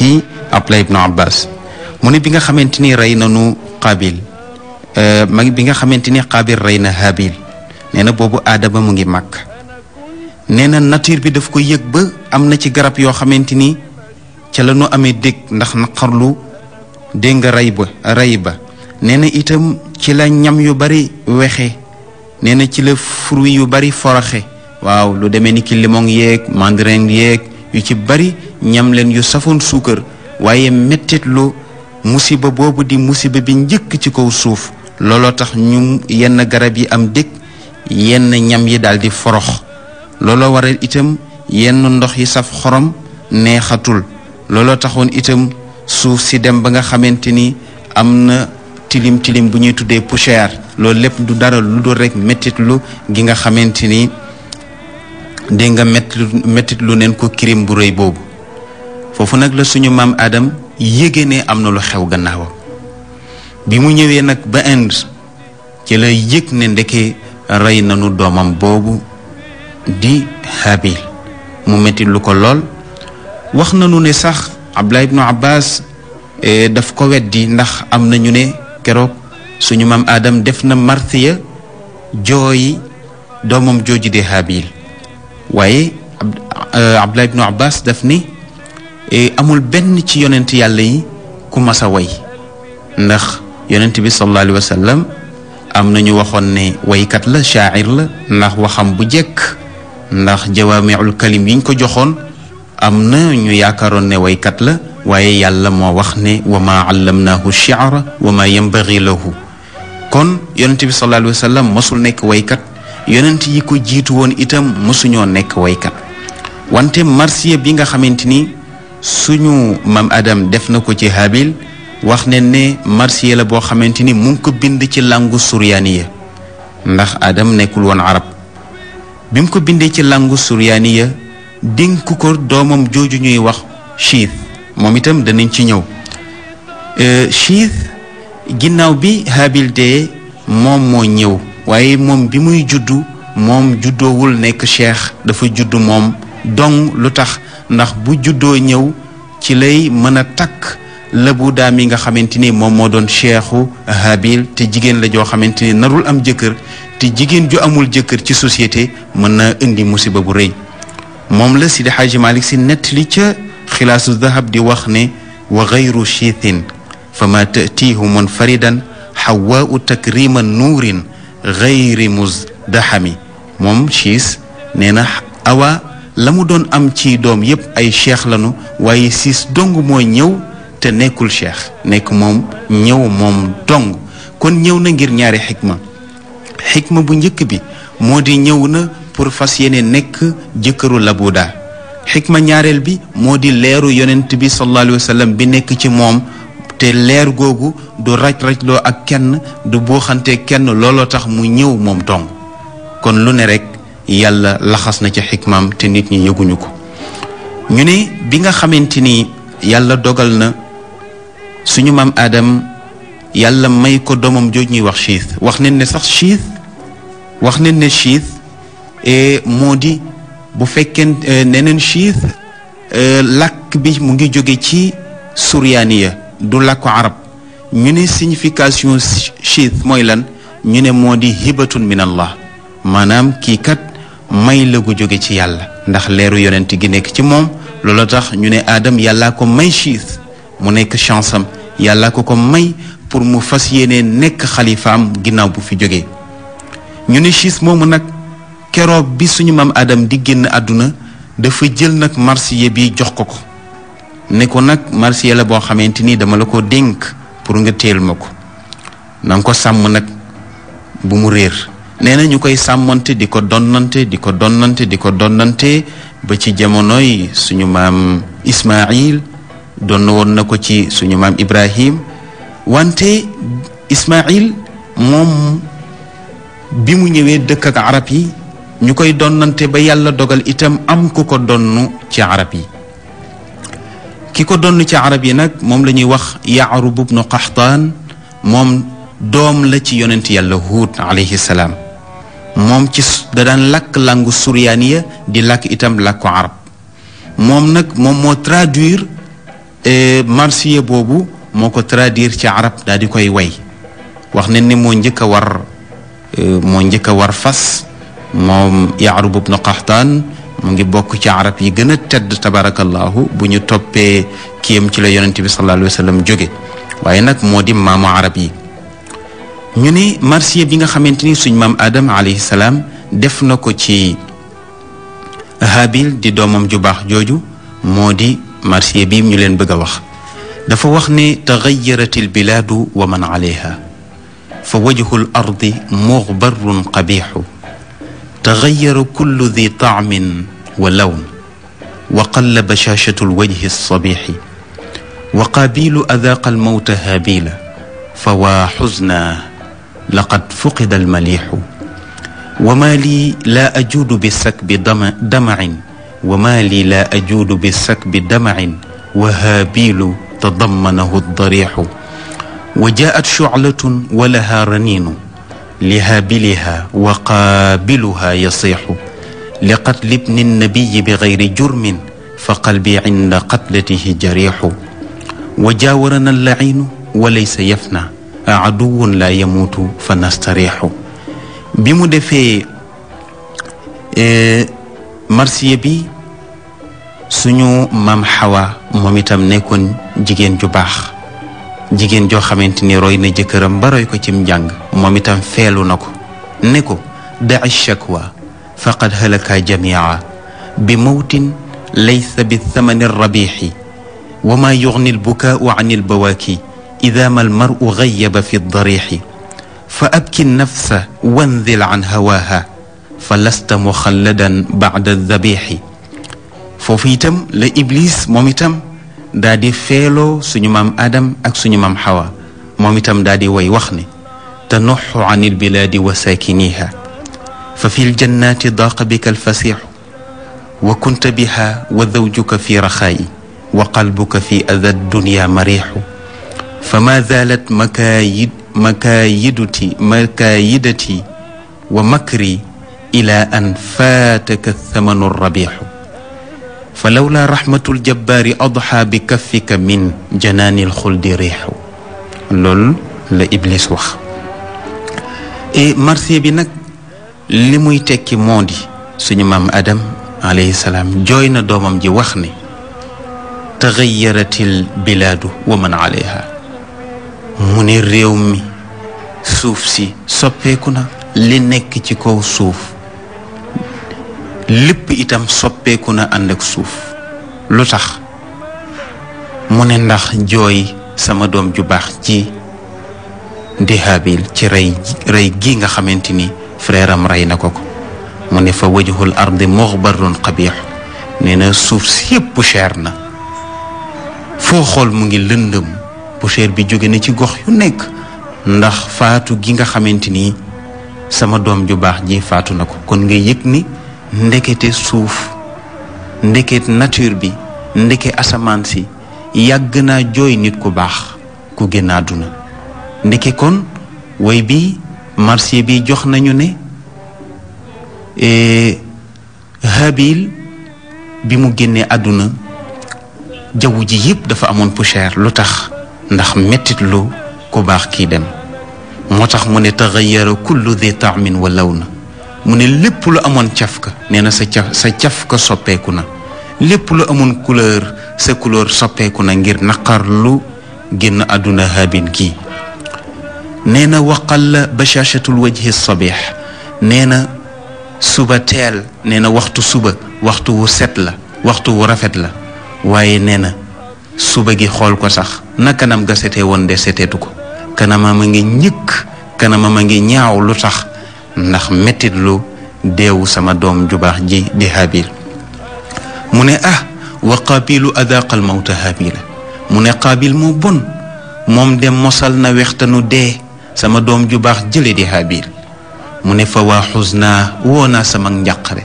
ci Abdullah ibn Abbas mu ne bi nga xamante ni na nanu Qabil euh, mag bi nga xamante ni Qabil rey na Habil nee na boobu aadama mu ngi mag nee na nature bi daf ko yëg ba am na ci garab yoo xamante ni ca la ñu amee dégg ndax naqarlu dégg nga rey ba rey ba nee na itam ci la ñam yu bari wexe nee na ci la fruit yu bari foroxe waaw lu demee ni ki limon yeeg mandarin yeeg yu ci bari ñam leen yu safoon suukar waaye mettitlu musiba boobu di musiba bi njëkk ci kaw suuf looloo tax ñu yenn garab yi am dëkk yenn ñam yi daal di forox looloo waral itam yenn ndox yi saf xorom neexatul looloo taxoon itam suuf si dem ba nga xamante ni am na tilim tilim bu ñuy tuddee poussière loolu lépp du dara lu dul rek mettitlu gi nga xamante ni di nga mettitlu neen ko kirim bu rëy boobu foofu nag la suñu maam Adam yége ne am na lu xew gannaawam bi mu ñëwee nag ba Inde ci la yëg ne ndeke rey na nañu doomam boobu di Habil mu metti lu ko lool wax nañu ne sax Abdullah ibnu Abbas e, daf ko weddi ndax am na ñu ne keroog suñu maam Adam def na martiya jooyi doomam jooju di Habil waaye e, Abdullah ibnu Abbas daf ni E amul benn ci yonent yàlla yi ku masa woy ndax yonent bi sallallahu alayhi wa sallam am waxoon ne woykat la shaacir la ndax waxam bu jekk ndax jawaamiul kalim yiñ ko joxoon am na ñu yaakaaroon ne woykat la waaye yàlla moo wax ne wa ma allamnaahu shi'ra wa ma yanbaghi lahu kon yonent bi sallallahu alayhi sallam mosul nekk woykat yonent yi ko jiitu woon itam mosuñoo nekk woykat wante marsiya bi nga xamante ni suñu maam Adam def na ko ci Habil wax ne ne marsiya la boo xamante ni mu ngi ko bind ci langu suryaaniya ndax Adam nekkul woon arab bi mu ko bindee ci langu suryaaniya dénk ko doomam jooju ñuy wax Chiith moom itam danañ ci ñëw Chiith euh, ginnaaw bi Habil dee moom moo ñëw waaye moom bi muy judd moom juddoowul nekk cheikh dafa judd moom. dong lu tax ndax bu juddoo ñëw ci lay mën a takk lëbu daam yi nga xamante ni moom moo doon cheikhu habil te jigéen la joo xamante ni narul am jëkkër te jigéen ju amul jëkkër ci société mën na indi musiba bu rëy moom la Sidi Xaaji Malik Si nettali ca xilaasu dahab di wax ne wa gayru chiithin fa ma tatiihu munfaridan xawaau takrima nuurin gayri musdahami moom chiis nee awa la mu doon am ci doom yépp ay cheikh lañu waaye siis dong mooy ñëw te nekkul cheikh nekk moom ñëw moom dong kon ñëw na ngir ñaari xikma xikma bu njëkk bi moo di ñëw na pour fas yeneen nekk jëkkëru labuda xikma ñaareel bi moo di leeru yonent bi sallallahu alayhi bi nekk ci moom te leer googu du raj-rajloo ak kenn du buuxante kenn looloo tax mu ñëw moom dong kon lu ne rek yàlla laxas na ca xikmaam te nit ñi yëguñu ko ñu ne bi nga xamante ni yàlla dogal na suñu maam Adam yàlla may ko doomam jooj ñuy wax chiis wax nañ ne sax chiis wax nañ ne chiis e moo di bu fekkeen e neneen chiis e làkk bi mu ngi jóge ci suryaaniya du làkku arab ñu ne signification chiis mooy lan ñu ne moo di hibatun min allah maanaam kii kat may la gu jóge ci yàlla ndax leeru yonent gi nekk ci moom loola tax ñu ne aadam yàllaa ko may chiis mu nekk chance am yàllaa ko ko may pour mu fas yéene nekk xalifaam ginnaaw bu fi jógee ñu ne chiis moomu nag keroog bi suñu maam aadam di génn àdduna dafa jël nag marsiye bi jox ko ko ne ko nag marsiye la boo xamante ni dama la ko dénk pour nga téel ma ko na ko sàmm nag bu mu réer nee na ñu koy sàmmante di ko donnante di ko donnante di ko donnante ba ci jamonoy suñu maam Ismail donn woon na ko ci suñu maam Ibrahim wante ismaail moom bi mu ñëwee dëkk ak arab yi ñu koy donnante ba yàlla dogal itam am ku ko donn ci arab yi ki ko donn ci arab yi nag moom lañuy wax yaarub ibnu qaxtaan moom doom la ci yonent yàlla huut alayhi salaam moom ci da daan làkk langu suryaaniya di làkk itam làkku arab moom nag moom moo traduire eh, marsiya boobu moo ko traduire ci arab daal di koy way wax ne ni moo njëkk a war eh, moo njëkk a war fas moom yaarub ibnu qaxtaan mu ngi bokk ci arab yi gën a tedd tabarakallahu bu ñu toppee kiyam ci la yonent bi sallallahu alayhi wa jóge waaye nag moo di maamu arab yi ñu ni marsiya bi nga xamante ni suñ maam Adam alayhi salaam def na ko ci Habil di doomam ju baax jooju moo di marsiya bi ñu leen bëgg a wax dafa wax ni taxayarat albilaadu wa man alayha fa wajhu l ardi muxbarun qabixu taxayara kullu di taamin wa lawn wa qalla bashashatu lwajhi alsabixi wa qaabilu adaaqa almawta habila fa waa xuznaa laqad fuqida almaliixu wa maa lii laa ajuudu bi sakbi dama damacin wa maa lii laa ajuudu bi sakbi damacin wa haabiilu tadammanahu dariixu wa jaat shuclatun wa lahaa raniinu lihaabiliha wa qaabiluha yasiixu liqatli bni nnabiyi bi gayri jurmin fa qalbi cinda qatlatihi jariixu wa jaawarana allaciinu wa laysa yafna aduwun la yamutu fa nastarixu bi mu defee e, marsiya bi suñu maam xawa moom itam nekkoon jigéen ju baax jigéen joo xamante ni roy na jëkkëram ba roy ko cim njàng moom itam feelu na ko ne ko da shakwa faqad halaka jamia bi mawtin laysa bi thamani rabixi wa ma yugni albukaau an albawaaki ida ma almaru gayaba fi darixi fa abki nafsa wandil an hawaaha fa lasta muxalladan bacda dabixi foofu itam la iblis moom itam daa di feeloo suñu maam adam ak suñu maam xawa moom itam daa di way wax ne tanuxu an ilbilaadi wa saakiniha fa fi ljannaati daaqa bika alfasixu wa kunta biha wa zawjuka fi raxaayi wa qalbuka fi ada dunya marixu fa ma zalat makaayid makaayiduti makaayidati wa makri ila an faataka thamanu rabixu fa lawla rahmatul jabbaari adxa bi kaffika min janaanil xuldi riixu loolu la iblis wax marché bi nag li muy tekki moo di suñu maam adam alayhi salaam jooy na doomam ji wax ne taxayaratil bilaadu wa man aleyha mu ne réew mi suuf si soppeeku na li nekk ci kaw suuf lépp itam soppeeku na ànd ak suuf lu tax mu ne ndax jooy sama doom ju baax ci di Haabil ci rey rey gi nga xamante ni frère am rey na ko ko mu ne fa wajhul ardi muxbarun qabix nee na suuf si yépp cher na foo xool mu ngi lëndëm poussière bi jóge na ci gox yu nekk ndax faatu gi nga xamante ni sama doom ju baax ji faatu na ko kon nga yëg ni ndekete suuf ndeket nature bi ndeke asamaan si yàgg naa jooy nit ku baax ku génn àdduna ndeke kon woy bi marché bi jox nañu ne e, Habil bi mu génnee àdduna jaww ji yëpp dafa amoon poussière lu tax ndax mettit lu ku baax kii dem moo tax mu ne taxayara kullu di taamin wa law na mu ne lépp lu amoon caf ka nee sa caf soppeeku na lépp lu amoon couleur sa couleur soppeeku na ngir naqar lu génn àdduna haabin kii nee na waqalla bashaashatul wajhi sabiix nee na suba teel nee na waxtu suba waxtu wu set la waxtu wu rafet la waaye nee na suba gi xool ko sax na kanam ga sete woon de seteetu ko kanamam a ngi njëkk kanamam a ngi ñaaw lu tax ndax mettit lu deewu sama doom ju baax ji di habil mu ne ah wa qaabilu adaqal mawta habila mu ne qaabil moo bon moom de mosal na wextanu dee sama doom ju baax jële di habil mu ne fa naa woo naa sama njàqare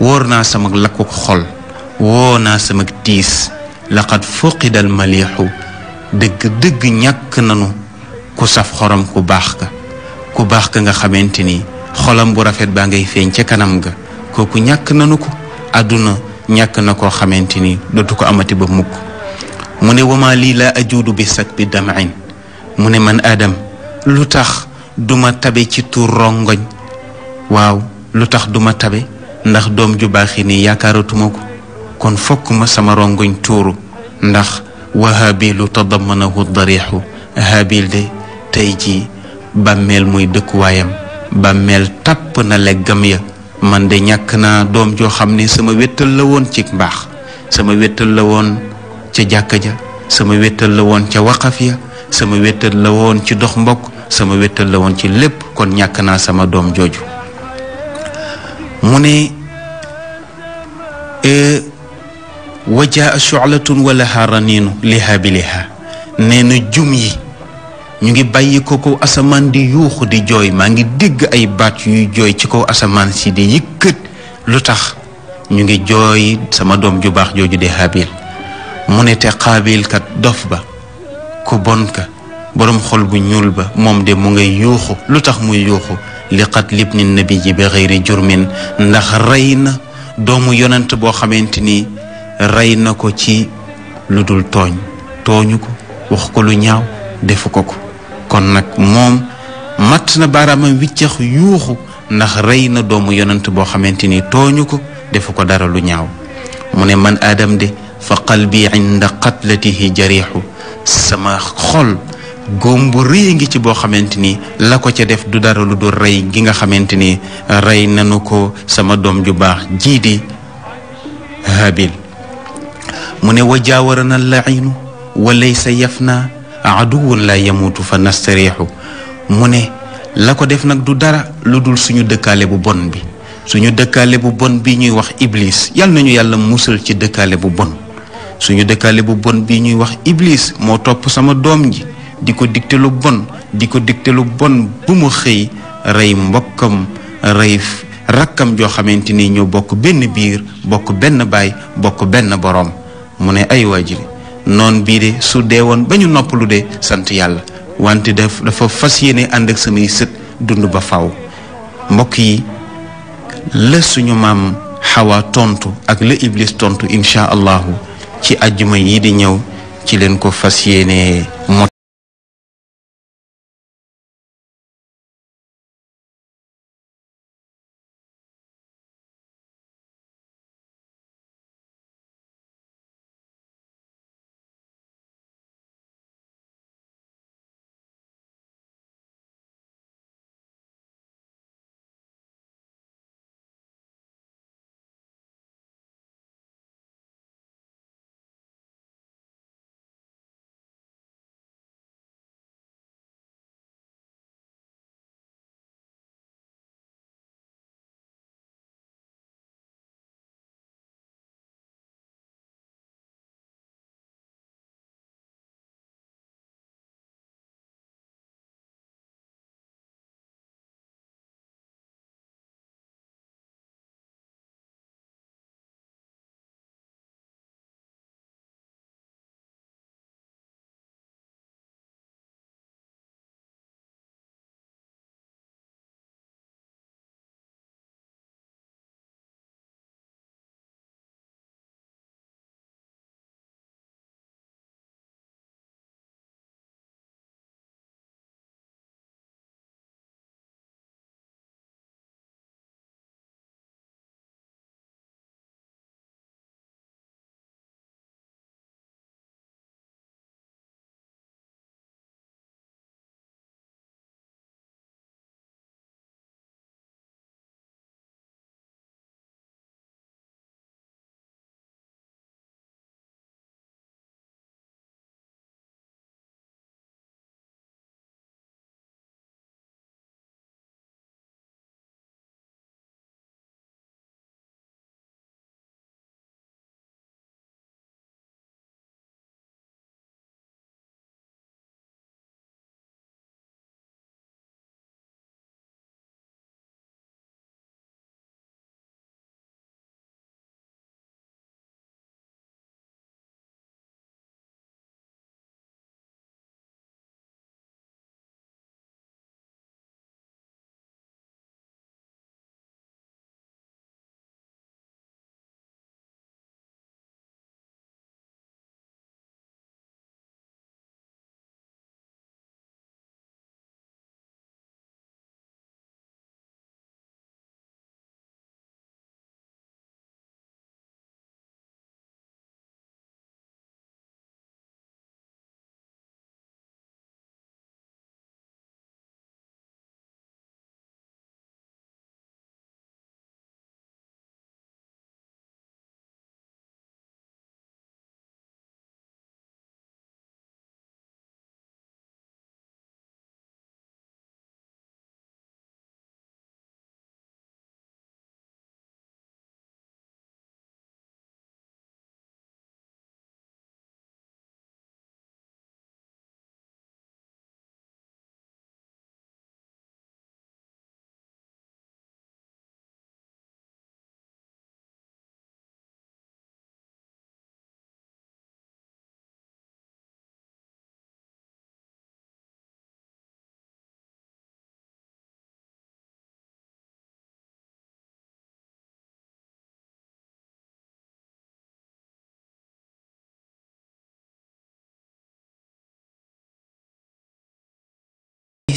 wóor naa sama lakku xol woo naa sama tiis laqad fuqida al maliixu dëgg-dëgg ñàkk nanu ku saf xorom ku baax ka ku baax ka nga xamante ni xolam bu rafet baa ngay feeñ ca kanam ga kooku ñàkk nanu ko àdduna ñàkk na koo xamante ni dootu ko amati ba mukk mu ne wama lii laa ajuudu bi sag bi damain mu ne man adam lu tax duma tabe ci tuur rongoñ waaw lu tax duma tabe ndax doom ju baax nii yaakaaratuma ko kon fokk ma sama rongoñ tuuru ndax wa habilu tadamanahu darixu habil de tey jii bàmmeel muy dëkkuwaayam bàmmeel tàpp na leggam ya man de ñàkk naa doom joo xam ni sama wéttal la woon ci mbaax sama wéttal la woon ca jàkka ja sama wéttal la woon ca waqaf ya sama wéttal la woon ci dox mbokk sama wéttal la woon ci lépp kon ñàkk naa sama doom jooju mu ne e, wajaa shuclatun wala haraniinu liha biliha nee na jum yi ñu ngi bàyyi ko kaw asamaan di yuuxu di jooy maa ngi dégg ay baat yuy jooy ci kaw asamaan si di yëkkat lu tax ñu ngi jooy sama doom ju baax jooju di Habil mu ne te Xaabil dof ba ku bon ka boroom xol bu ñuul ba moom de mu ngay yuuxu lu tax muy yuuxu li qatli ibni nabi ji bi xëyri jurmin ndax rey na doomu yonent boo xamante ni rey na ko ci lu dul tooñ tooñu ko wax ko lu ñaaw defu ko ko kon nag moom mat na baaraamam wiccax yuuxu ndax rey na doomu yonent boo xamante ni tooñu ko defu ko dara lu ñaaw mu ne man aadam de fa qalbi inda qatlatihi jariixu sama xol góom bu rëy ngi ci boo xamante ni la ko ca def du dara lu dul rey gi nga xamante ni rey nanu ko sama doom ju baax jii di Habil mu ne wa jaawarana allainu wa laysa yafna aduwun la yamuutu fa nastariixu mu ne la ko def nag du dara lu dul suñu dëkkaale bu bon bi suñu dëkkaale bu bon bi ñuy wax iblis yal nañu yàlla musal ci dëkkaale bu bon suñu dëkkaale bu bon bi ñuy wax iblis moo topp sama doom ji di ko digte lu bon di ko digte lu bon bu mu xëy rey mbokkam rey rakkam joo xamante ni ñoo bokk benn biir bokk benn baay bokk benn borom mu ne ay waajiri noon bii de su dee woon ba ñu noppalu de sant yàlla wante daf dafa fas yéene ànd ak samay sët dund ba faw mbokk yi la suñu maam xawaa tontu ak la iblis tontu incha allahu ci àjjuma yi di ñëw ci leen ko fas yéene mot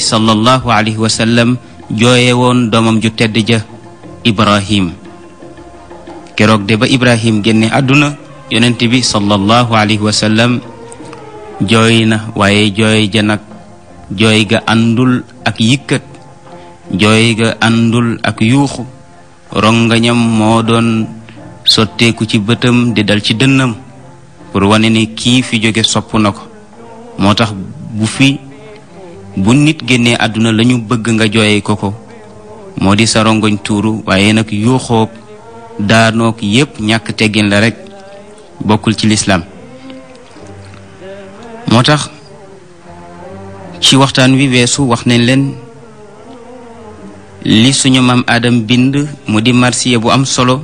bi sallallahu alayhi wa sallam jooye woon doomam ju tedd ja ibrahim keroog de ba ibrahim génne àdduna yonent bi sallallahu alayhi wa sallam jooy na waaye jooy ja nag jooy ga àndul ak yëkkat jooy ga àndul ak yuuxu rongañam moo doon sotteeku ci bëtam di dal ci dënnam pour wane ni kii fi jóge sopp na ko moo tax bu fi bu nit génnee àdduna lañu bëgg nga jooyee ko ko moo di sa rongoñ tuuru waaye nag yuuxoog daanoog yépp ñàkk teggin la rekk bokkul ci lislaam moo tax ci waxtaan wi weesu wax nañ leen li suñu maam aadam bind mu di marsiya bu am solo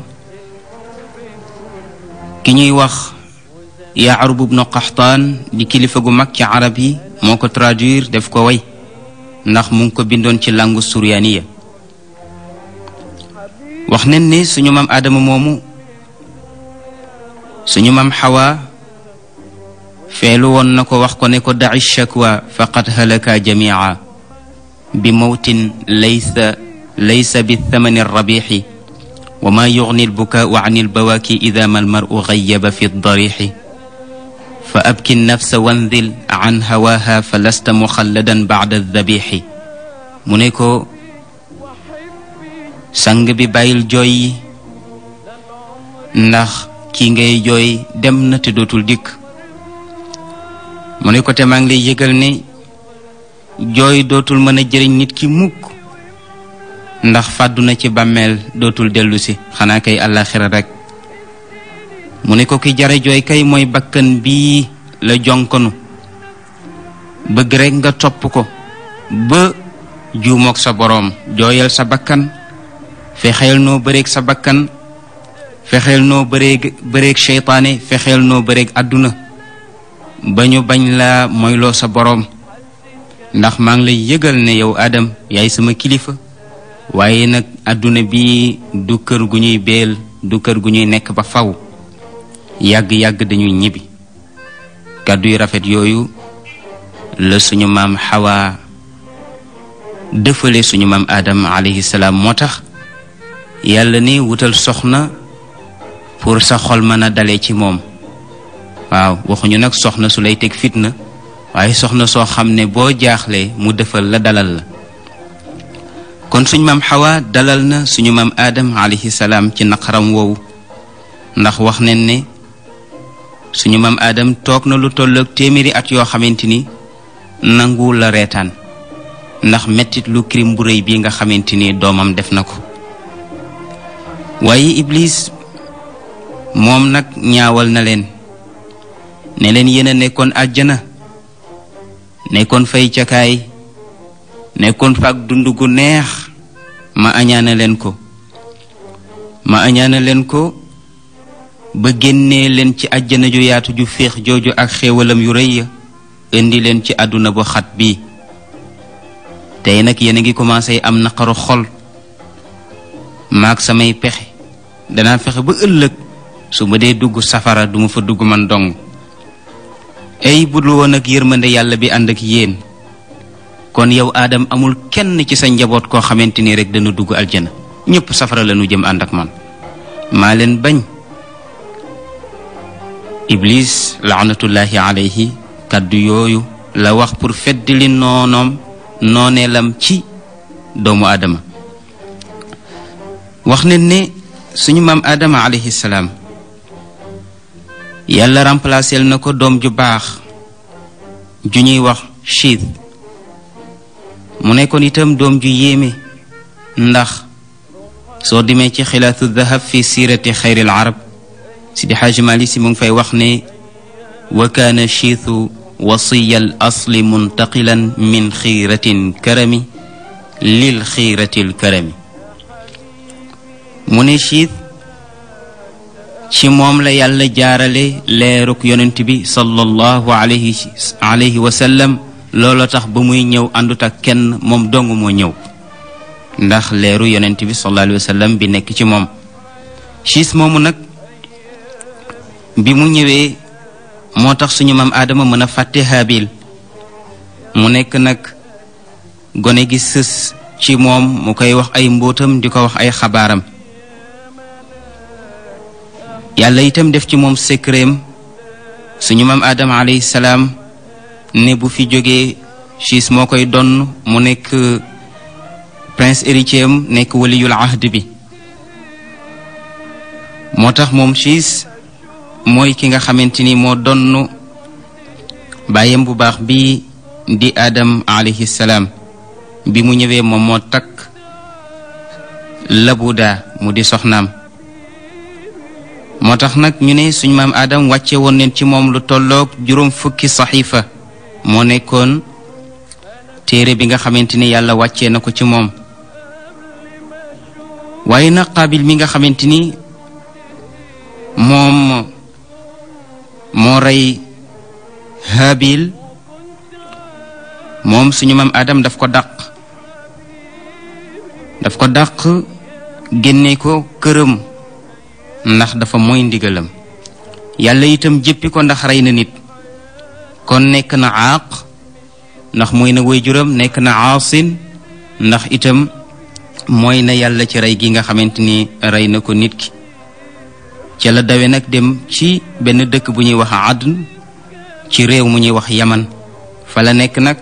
ki ñuy wax yaarub ibnu qaxtaan di kilifa gu mag ci arab yi moo ko traduire def ko way ndax mu ngi ko bindoon ci langu suryaaniya wax nen ne suñu maam aadama moomu suñu maam xawaa feelu woon na ko wax ko ne ko daci shakwa faqad halaka jamica bi mawtin laysa laysa bithamani rabixi wa ma yugni albukaau an albawaaki ida ma almaru gayaba fi darixi fa abki nafsa wandil an hawaha fa lasta muxalladan baada dabixi mu ne ko sang bi bàyyil jooy yi ndax kii ngay jooy dem na te dootul dikk mu ne ko te maa ngi lay yëgal ne jooy dootul mën a jëriñ nit ki mukk ndax fàddu na ci bàmmeel dootul dellusi xanaa kay àllaaxira rek mu ne ko ki jare jooy kay mooy bakkan bii la jonkonu bëgg rekk nga topp ko ba juumook sa boroom jooyal sa bakkan fexeel noo bëreeg sa bakkan fexeel noo bëreeg bëreeg fexeel noo bëreeg àdduna ba ñu bañ la moyloo sa boroom ndax maa ngi lay yëgal ne yow Adam yaay sama kilifa waaye nag àdduna bi du kër gu ñuy béel du kër gu ñuy nekk ba faw yàgg-yàgg dañu ñibbi kàddu yu rafet yooyu la suñu maam xawaa dëfale suñu maam aadam alayhi salaam moo tax yàlla ni wutal soxna pour sa xol mën a dale ci moom waaw waxuñu nag soxna su lay teg fitna waaye soxna soo xam ne boo jaaxlee mu defal la dalal la kon suñu maam xawaa dalal na suñu maam aadam alayhi salaam ci naqaram woowu ndax wax nañ suñu maam aadam toog na lu tolloog téeméeri at yoo xamante ni nangu la reetaan ndax mettit lu crime bu rëy bi nga xamante ni doomam def na ko waaye iblis moom nag ñaawal na leen ne leen yéen a nekkoon àjjana nekkoon fay cakaay nekkoon faak dund gu neex ma añaana leen ko ma añaana leen ko ba génnee leen ci àjjana ju yaatu ju féex jooju ak xéewalam yu rëy ya indi leen ci àdduna bu xat bi tey nag yéen a ngi commencé am naqaru xol maag samay pexe danaa fexe ba ëllëg su ma dee dugg safara duma fa dugg man dong ay budul woon ak yërmande yàlla bi ànd ak yéen kon yow aadam amul kenn ci sa njaboot koo xamante ni rek dana dugg aljana ñëpp safara nu jëm ànd ak man maa leen bañ iblis laanatullahi alayhi kàddu yooyu la wax pour feddali noonoom nooneelam ci doomu adama wax ne ne suñu maam aadama alayhi yàlla remplacel na ko doom ju baax ju ñuy wax chiit mu nekkoon itam doom ju yéeme ndax soo demee ci xilaatu dahab fi siirati xayril arab Sidi Xaaji Maalik Si mu ngi fay wax ne wa kaana chiitu wasiya al asli muntaqilan min xiiratin karami lil xiiratil karami mu ne chiit ci moom la yàlla jaarale leeruk yonent bi sallallahu alayhi alayhi wa looloo tax ba muy ñëw àndu ak kenn moom dong moo ñëw ndax leeru yonent bi sallallahu alayhi wa bi nekk ci moom chiit moomu nag bi mu ñëwee moo tax suñu maam aadama mën a fàtte Haabil mu nekk nag gone gi sës ci moom mu koy wax ay mbóotam di ko wax ay xabaaram yàlla itam def ci moom secréem suñu maam aadama alayhi salaam ne bu fi jógee siis moo koy donn mu nekk prince héritier nekk waliyul ahd bi moo tax moom siis mooy ki nga xamante ni moo donn bàyyam bu baax bi di Adam alayhi salaam bi mu ñëwee moom moo takk labuda mu di soxnaam moo tax nag ñu ne suñ maam Adam wàcce woon neen ci moom lu tolloog juróom fukki saxiifa moo nekkoon téere bi nga xamante ni yàlla wàccee na ko ci moom waaye nag Qaabil mi nga xamante ni moom moo rey Habil moom suñu maam Adam daf ko dàq daf ko dàq génne ko këram ndax dafa moy ndigalam yàlla itam jëppi ko ndax rey na nit kon nekk na àq ndax mooy na waajuram nekk na aasin ndax itam mooy na yàlla ci rey gi nga xamante ni rey na ko nit ki ca la dawe nag dem ci benn dëkk bu ñuy wax adun ci réew mu ñuy wax yaman fa la nekk nag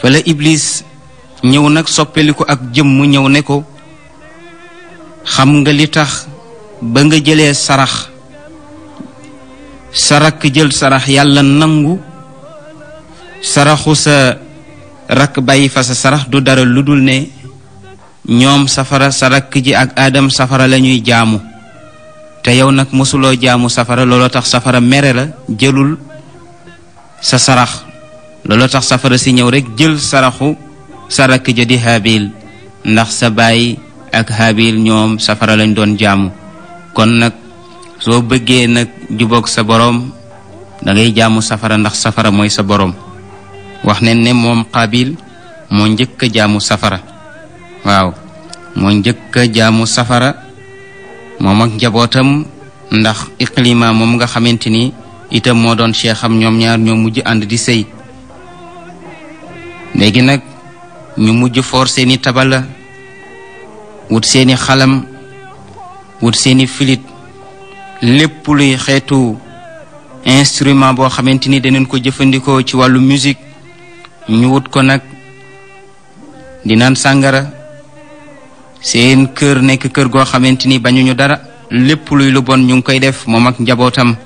fa iblis ñëw nag soppeliku ak jëm mu ñëw ne ko xam nga li tax ba nga jëlee sarax sa rakk jël sarax yàlla nangu saraxu sa rakk bàyyi fa sa sarax du dara lu dul ne ñoom safara sa rakk ji ak aadam safara lañuy jaamu te yow nag mosuloo jaamu safara looloo tax safara mere la jëlul sa sarax looloo tax safara si ñëw rekk jël saraxu sa rakk ja di Haabil ndax sa baay ak Haabil ñoom safara lañ doon jaamu kon nag soo bëggee nag jubóog sa boroom dangay ngay jaamu safara ndax safara mooy sa boroom wax ne ne moom Qaabil moo njëkk a jaamu safara waaw moo njëkk jaamu safara moom ak njabootam ndax iqlima moom nga xamante ni itam moo doon seexam ñoom ñaar ñoo mujj ànd di sëy léegi nag ñu mujj foor seeni tabala wut seeni xalam wut seeni filit lépp luy xeetu instrument boo xamante ni danañ ko jëfandikoo ci wàllu musique ñu wut ko nag di naan sàngara seen kër nekk kër goo xamante ni bañuñu dara lépp luy lu bon ñu ngi koy def moom ak njabootam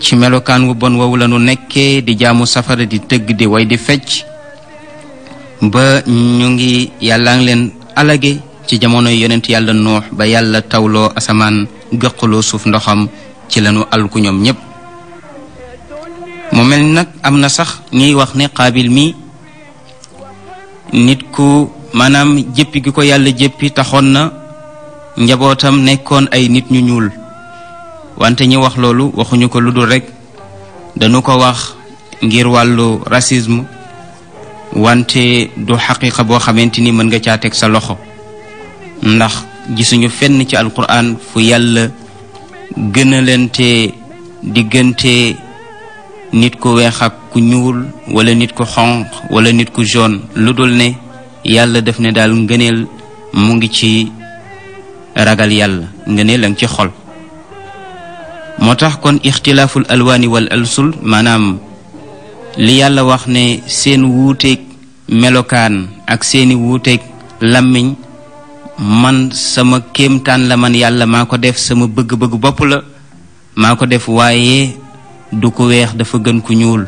ci melokaan wu bon woowu la nu nekkee di jaamu safara di tëgg di way di fecc ba ñu ngi yàllaa ngi leen alage ci jamonoy yonent yàlla nuux ba yàlla tawloo asamaan gëqaloo suuf ndoxam ci lañu alku ñoom ñépp mu mel nag am na sax ñuy wax ne xaabil mi nit ku maanaam jéppi gi ko yàlla jéppi taxoon na njabootam nekkoon ay nit ñu ñuul wante ñi wax loolu waxuñu ko lu dul rekk dañu ko wax ngir wàllu racisme wante du xaqiqa boo xamante ni mën nga caa teg sa loxo ndax gisuñu fenn ci alquran fu yàlla gënalante diggante nit ku weex ak ku ñuul wala nit ku xonq wala nit ku jaune lu dul ne yàlla def ne daal ngëneel mu ngi ci ragal yàlla ngëneel a ngi ci xol moo tax kon ixtilaaful alwaani wal alsul maanaam li yàlla wax ne seen wuuteeg melokaan ak seeni wuuteeg làmmiñ man sama kéemtaan la man yàlla maa ko def sama bëgg-bëgg bopp la maa ko def waaye du ko weex dafa gën ku ñuul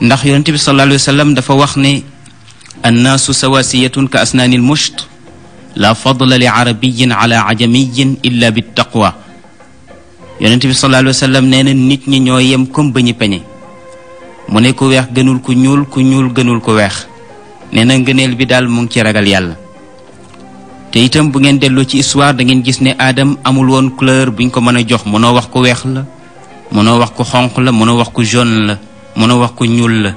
ndax yonent bi sallallahu alayhi dafa wax ne annaasu sawaasiyatun ka asnaani almusht la fadla li arabiyin ala ajamiyin illa bi taqwa yonent bi sallallahu alayhi wa sallam nee na nit ñi ñoo yem comme ba ñu peñe mu ne ku weex gënul ku ñuul ku ñuul gënul ku weex nee na ngëneel bi daal mu ngi ci ragal yàlla te itam bu ngeen dellu ci histoire da ngeen gis ne aadam amul woon couleur buñ ko mën a jox mënoo wax ku weex la mënoo wax ku xonq la mënoo wax ku jaune la mënoo wax ku ñuul la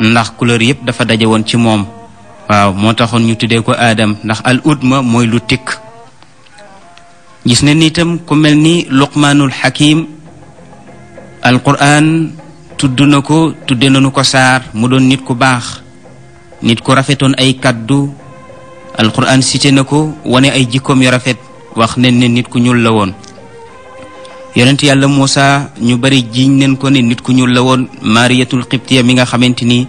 ndax couleur yépp dafa daje woon ci moom waaw moo taxoon ñu tuddee ko adam ndax al udma mooy lu tikk gis ne ni itam ku mel ni luqmaanul xakim alquran tudd na ko tudde nañu ko saar mu doon nit ku baax nit ku rafetoon ay kaddu alquran cité na ko wane ay jikkoom yu rafet wax nen ne nit ku ñuul la woon yonent yàlla Muusa ñu bari jiiñ nen ko ne nit ku ñuul la woon maariyatul xibtiya mi nga xamante ni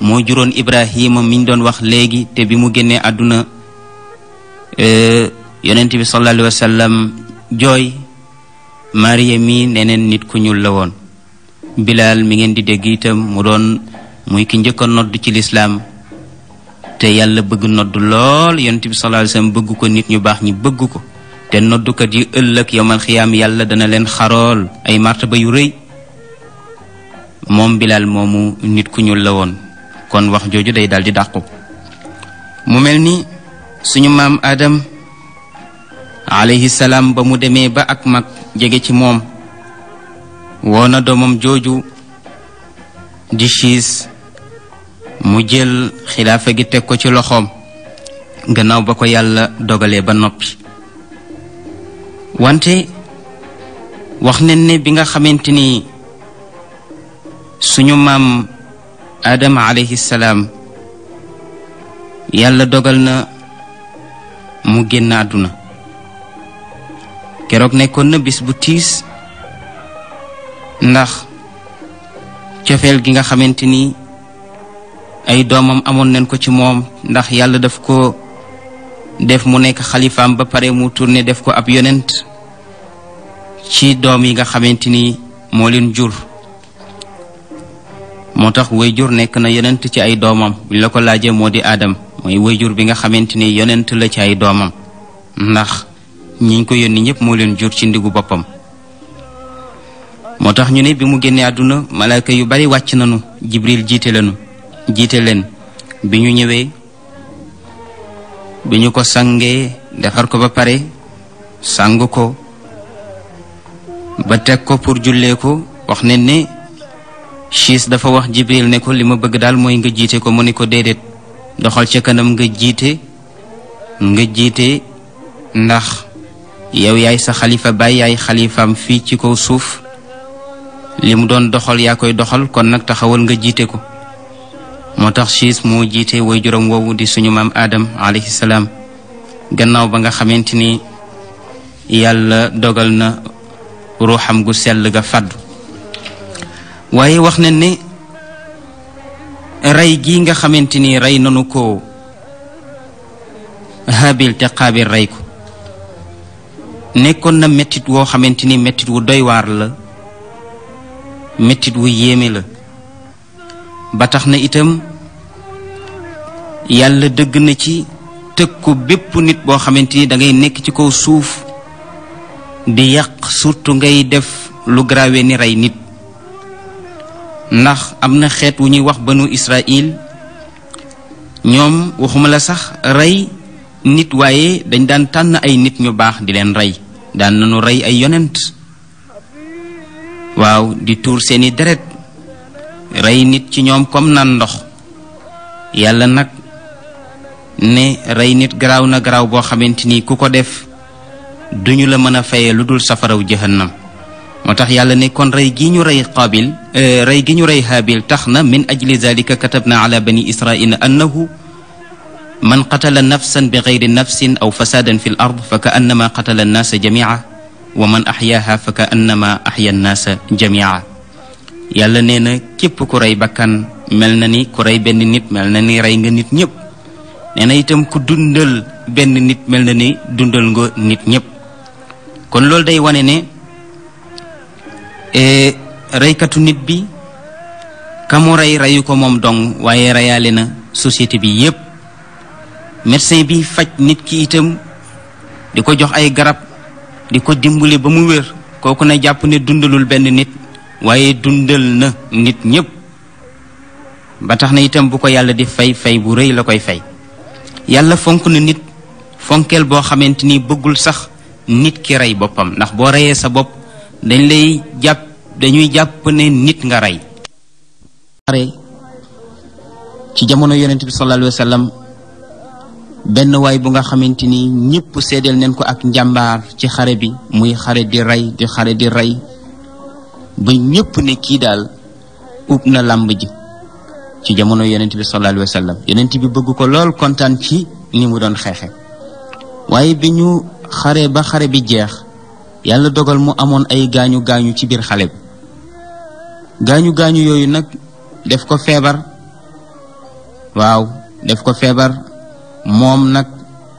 moo juróon ibrahima miñ doon wax léegi te bi mu génnee àdduna e, yonent bi sallallahu alayhi wa sallam jooy mariya mi neneen nit ku ñuul la woon bilaal mi ngeen di dégg itam mu doon muy ki njëkk a nodd ci lislaam te yàlla bëgg nodd lool yonent bi sallallahu alayhi bëgg ko nit ñu baax ñi bëgg ko te noddukat yi ëllëg yowmal xiyaam yàlla dana leen xarool ay martaba yu rëy moom bilaal moomu nit ku ñuul la woon kon wax jooju day daal di dàqu mu mel ni suñu maam Adam alayhi salaam ba mu demee ba ak mag jege ci moom woona doomam jooju di siis mu jël xilaafa gi teg ko ci loxoom gannaaw ba ko yàlla dogalee ba noppi wante wax nañ ne bi nga xamante ni suñu maam aadama alayhi salaam yàlla dogal na mu génn àdduna keroog nekkoon na bis bu tiis ndax cofeel gi nga xamante ni ay doomam amoon nañ ko ci moom ndax yàlla def ko def mu nekk xalifaam ba pare mu tourné def ko ab yonent ci doom yi nga xamante ni moo leen jur moo tax jur nekk na yonent ci ay doomam buñ la ko laajee moo di aadam mooy wayjur bi nga xamante ni yonent la ci ay doomam ndax ñiñ ko yónni ñëpp moo leen jur ci ndigu boppam moo tax ñu ne bi mu génnee àdduna malaaka yu bari wàcc nañu jibril jiite lañu jiite leen bi ñu ñëwee bi ñu ko sangee defar ko ba pare sang ko ba teg ko pour jullee ko wax nen ne Chiis dafa wax Jibril ne ko li ma bëgg daal mooy nga jiite ko mu ne ko déedéet doxal ca kanam nga jiite nga jiite ndax yow yaay sa xalifa baay yaay xalifaam fii ci kaw suuf li mu doon doxal yaa koy doxal kon nag taxawal nga jiite ko moo tax Chiis moo jiite woy juróom woowu di suñu maam Adam alayhi salaam gannaaw ba nga xamante ni yàlla dogal na ruuxam gu sell ga fàddu waaye wax na ni rey gii nga xamante ni rey nanu ko Haabil te Qaabil rey ko nekkoon na mettit woo xamante ni mettit wu doy waar la mettit wu yéeme la ba tax na itam yàlla dëgg na ci tëkku bépp nit boo xamante ni dangay nekk ci kaw suuf di yàq surtout ngay def lu grave ni rey nit ndax am na xeet wu ñuy wax banu Israil ñoom waxuma la sax rey nit waaye dañ daan tànn ay nit ñu baax di leen rey daan nañu rey ay yonent waaw di tuur seeni deret rey nit ci ñoom comme naan ndox yàlla nag ne rey nit garaaw na garaaw boo xamante ni ku ko def duñu la mën a faye lu dul safaraw jëhannam moo tax yàlla ne kon rey gi ñu rey qaabil eh, rey gi ñu rey haabil tax na min ajli zalika katabna ala bani israila annahu man qatala nafsan bi gayri nafsin aw fasaadan fi l ard fa ka annama qatala annaasa jamia wa man axyaaha fa ka annama axya annaasa jamia yàlla nee na képp ku rey bakkan mel na ni ku rey benn nit mel na ni rey nga nit ñëpp nee na itam ku dundal benn nit mel na ni dundal nga nit ñëpp kon loolu day wane ne E, reykatu nit bi ka mu rey reyu ko moom dong waaye reyaale na société bi yépp médecin bi faj nit ki itam di ko jox ay garab di ko dimbale ba mu wér kooku na jàpp ne dundalul benn nit waaye dundal na nit ñépp ba tax na itam bu ko yàlla di fay fay bu rëy la koy fay yàlla fonk na nit fonkeel boo xamante ni bëggul sax nit ki rey boppam ndax boo reyee sa bopp dañ lay jàpp dañuy jàpp ne nit nga rey ci jamono yonent bi sallallahu alayhi benn waay bu nga xamante ni ñëpp seedeel neen ko ak njàmbaar ci xare bi muy xare di rey di xare di rey ba ñëpp ne kii daal ub na làmb ji ci jamono yonent bi sallallahu alayhi wa bi bëgg ko lool kontaan ci ni mu doon xeexe waaye bi ñu xare ba xare bi jeex yàlla dogal mu amoon ay gaañu gaañu ci biir xale bi gaañu gaañu yooyu nag def ko feebar waaw def ko feebar moom nag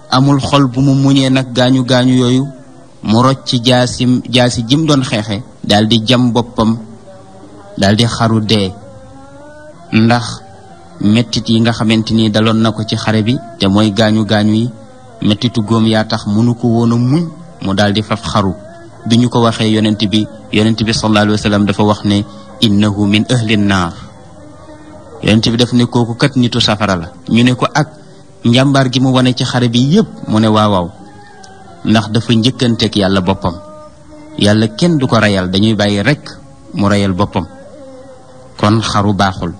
amul xol bu mu muñee nag gaañu gaañu yooyu mu rocc jaasim jaasi jim doon xeexe daal di jam boppam daldi xaru dee ndax metit yi nga xamante ni daloon na ko ci xare bi te mooy gaañu gaañu yi mettitu góom yaa tax mënu ko woona a muñ mu daldi di faf xaru bi ñu ko waxee yonent bi yonent bi sallallahu alayhi dafa wax ne innahu min ahli naar yonent bi daf ne kooku nitu safara la ñu ne ko ak njàmbaar gi mu wane ci xare bi yépp mu ne waawaaw ndax dafa njëkkanteeg yàlla boppam yàlla kenn du ko reyal dañuy bàyyi rekk mu reyal boppam kon xaru baaxul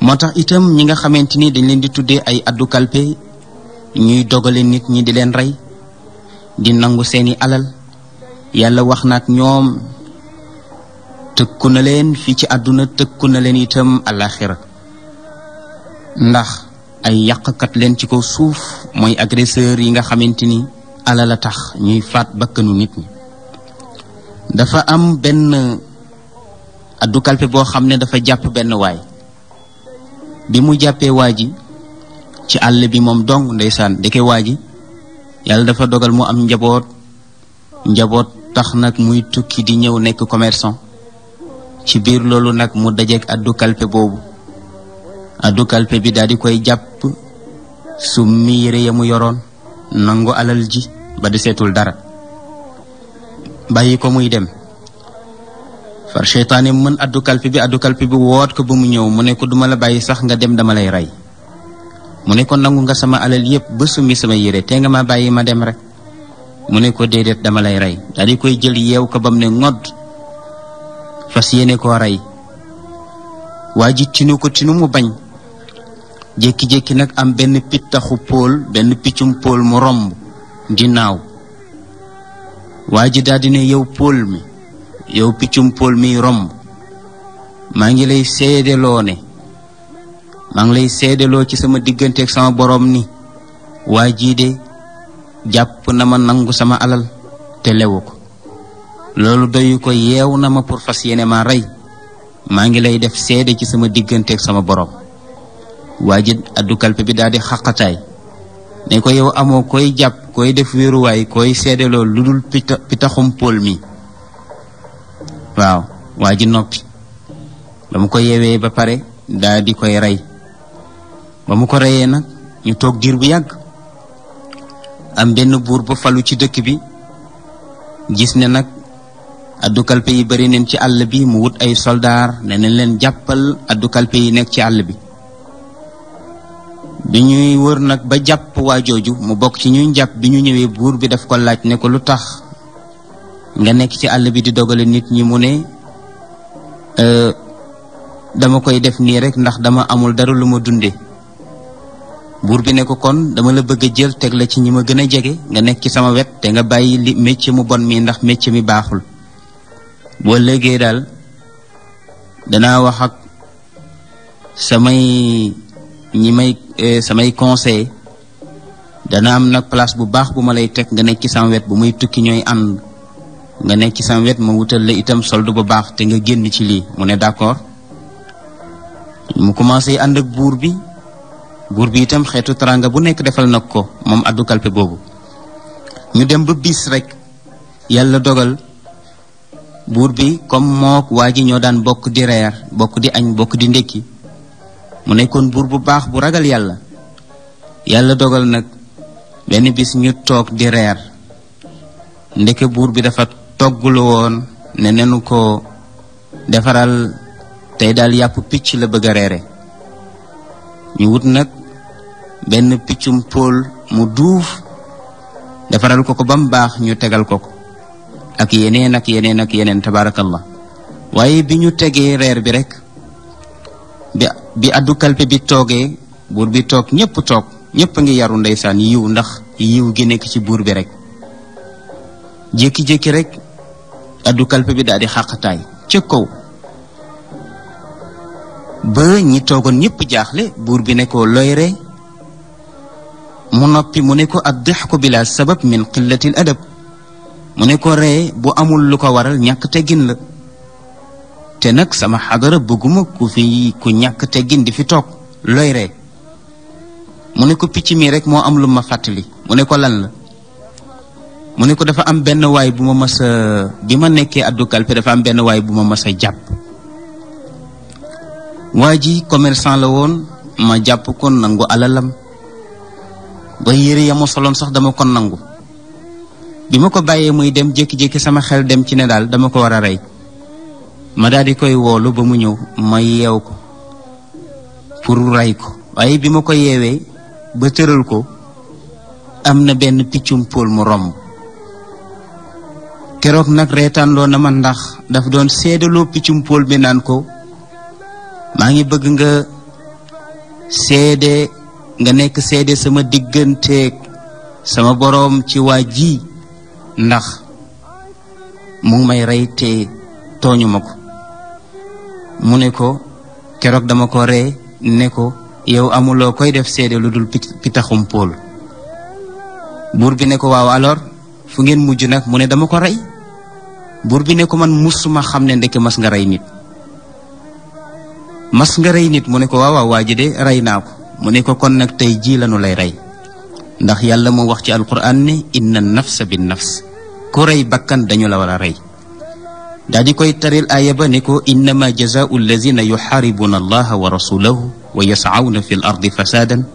moo tax itam ñi nga xamante ni dañ leen di tuddee ay addu kalpe ñuy dogale nit ñi di leen rey di nangu seeni alal yàlla wax na ak ñoom tëkku na leen fii ci àdduna tëkku na leen itam alaxira ndax ay yàqkat leen ci kaw suuf mooy agresseur yi nga xamante ni ala la tax ñuy faat bakkanu nit mi dafa am benn addu kalpe boo xam ne dafa jàpp benn waay bi mu jàppee waa ji ci àll bi moom dong ndeysaan deke waa ji yàlla dafa dogal mu am njaboot njaboot tax nag muy tukki di ñëw nekk commerçant ci biir loolu nag mu dajeek addu kalpe boobu addu kalpe bi daal di koy jàpp su yére ya mu yoroon nangu alal ji ba di seetul dara bàyyi ko muy dem far seytaane mën addu kalpe bi addu kalpe bi woot ko ba mu ñëw mu ne ko duma la bàyyi sax nga dem dama lay rey mu ne ko nangu nga sama alal yépp ba summi sama yére te nga ma bàyyi ma dem rek mu ne ko déedéet dama lay rey daal di koy jël yeew ko bam ne ŋodd fas yéene koo rey waa ji tinu ko tinu mu bañ jékki-jékki nag am benn pittaxu póol benn piccum póol mu romb di naaw waa ji daal di ne yow pool mi yow piccum póol miy romb maa ngi lay seedeloo ne maa ngi lay seedeloo ci sama digganteeg sama boroom ni waa de jàpp na ma nangu sama alal te lewu ko loolu doyu ko yeew na ma pour fas yéene maa rey maa ngi lay def seede ci sama digganteeg sama boroom waa ji addu kalpe bi daal di xaqataay ne ko yow amoo koy jàpp koy def wéeruwaay koy seede loolu lu dul pita pitaxum pool mi waaw waa ji noppi ba mu ko yeewee ba pare daal di koy rey ba mu ko reyee nag ñu toog diir bu yàgg am benn buur ba falu ci dëkk bi gis ne nag addu yi bari neen ci àll bi mu wut ay soldaar ne nañ leen jàppal addu kalpe yi nekk ci àll bi bi ñuy wër nag ba jàpp waa jooju mu bokk ci ñuy jàpp bi ñu ñëwee buur bi daf ko laaj ne ko lu tax nga nekk ci àll bi di dogale nit ñi mu ne euh, dama koy def nii rek ndax dama amul dara lu ma dunde buur bi ne ko kon dama la bëgg a jël teg la ci ñi ma gën a jege nga nekk ci sama wet te nga bàyyi li mécc mu bon mi ndax mécc mi baaxul boo léegee daal danaa wax ak samay ñi may eh, samay conseil dana am nag place bu baax bu ma lay teg nga nekk ci sama wet bu muy tukki ñooy ànd nga nekk ci sama wet ma wutal la itam solde bu baax te nga génn ci lii mu ne d'accord mu commencé ànd ak buur bi buur bi itam xeetu taranga bu nekk defal nag ko moom addu kalpe boobu ñu dem ba bis rekk yàlla dogal buur bi comme mook waa ji ñoo daan bokk di reer bokk di añ bokk di ndékki mu nekkoon buur bu baax bu ragal yàlla yàlla dogal nag benn bis ñu toog di reer ndeke buur bi dafa toggulu woon ne nenu ko defaral tey daal yàpp picc la bëgg reere ñu wut nag benn piccum pol mu duuf defaral ko ko ba mu baax ñu tegal ko ko ak yeneen ak yeneen ak yeneen tabaarakallah waaye bi ñu tegee reer bi rekk bi bi addu kalpe bi toogee buur bi toog ñëpp toog ñëpp a ngi yaru ndeysaan yiw ndax yiw gi nekk ci buur bi rek jékki-jékki rek addu kalpe bi daal di xàqataay ca kaw ba ñi toogoon ñëpp jaaxle buur bi nekkoo ko looy ree mu noppi mu ne ko addixku bila sabab min qillatil adab mu ne ko ree bu amul lu ko waral ñàkk gin la te nag sama xadara bëgguma ku fi ku ñàkk gin di fi toog looy ree mu ne ko picc mi rek moo am lu ma fàttali mu ne ko lan la mu ne ko dafa am benn waay bu ma mas a ma nekkee addu kalpe dafa am benn waay bu ma mas a jàpp waa ji commerçant la woon ma jàpp ko nangu alalam ba yére ya mu soloon sax dama ko nangu bi ma ko bàyyee muy dem jékki-jékki sama xel dem ci ne daal dama ko war a rey ma daal di koy woolu ba mu ñëw may yeew ko pour rey ko waaye bi ma ko yeewee ba tëral ko am na benn piccum póol mu romb keroog nag reetaanloo na ma ndax dafa doon seedaloo piccum póol bi naan ko maa ngi bëgg nga seede nga nekk seede sama digganteeg sama boroom ci waa ji ndax mu may rey te tooñuma ko mu ne ko keroog dama ko ree ne ko yow amuloo koy def seede lu dul pitaxum pool buur bi ne ko waaw alors fu ngeen mujj nag mu ne dama ko rey buur bi ne ko man musuma xam ne ndeke mas nga rey nit mas nga rey nit mu ne ko waaw waaw waa ji de rey naa ko mu ne ko kon nag tey jii lanu lay rey ndax yàlla moo wax ci alquran ni inna nafsa bin nafs ku rey bakkan dañu la war a rey daal di koy taril aaya ba ne ko innama jazaau allazina yuxaaribuna allaha wa rasulahu wa yascawna fi l ardi fasaadan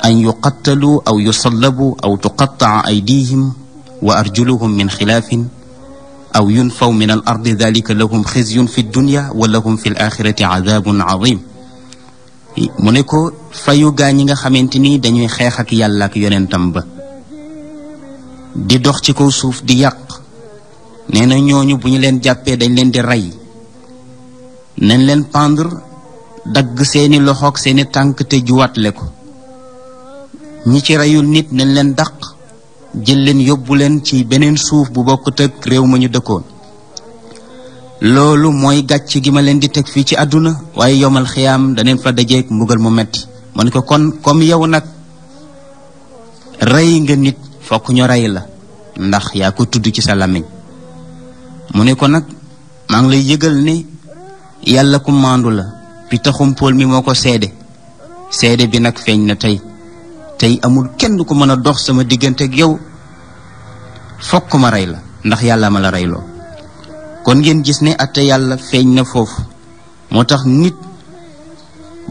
an yuqattalu aw yusallabu aw tuqattaca aydihim wa arjuluhum min xilaafin aw yunfaw min al ardi dalika lahum xizyun fi dunya wa lahum fi l axirati cadaabun cadiim mu ne ko fayu gaa ñi nga xamante ni dañuy xeex ak yàlla ak yonentam ba di dox ci kaw suuf di yàq nee na ñooñu bu ñu leen jàppee dañ leen di rey nañ leen pendre dagg seeni loxoog seeni tànk te juwaatle ko ñi ci reyul nit nañ leen dàq jël leen yóbbu leen ci beneen suuf bu bokk ak réew ma ñu dëkkoon loolu mooy gàcc gi ma leen di teg fii ci àdduna waaye yowmal xiyaam daneen fa dajeek mbugal mu metti mu ne ko kon comme yow nag rey nga nit fokk ñu rey la ndax yaa ko tudd ci sa làmmiñ mu ne ko nag maa ngi lay yëgal ne yàlla ku maandu la pi taxum pool mi moo ko seede seede bi nag feeñ na tey tey amul kenn ku mën a dox sama diggante ak yow fokk ma rey la ndax yàlla ma la reyloo kon ngeen gis ne atte yàlla feeñ na foofu moo tax nit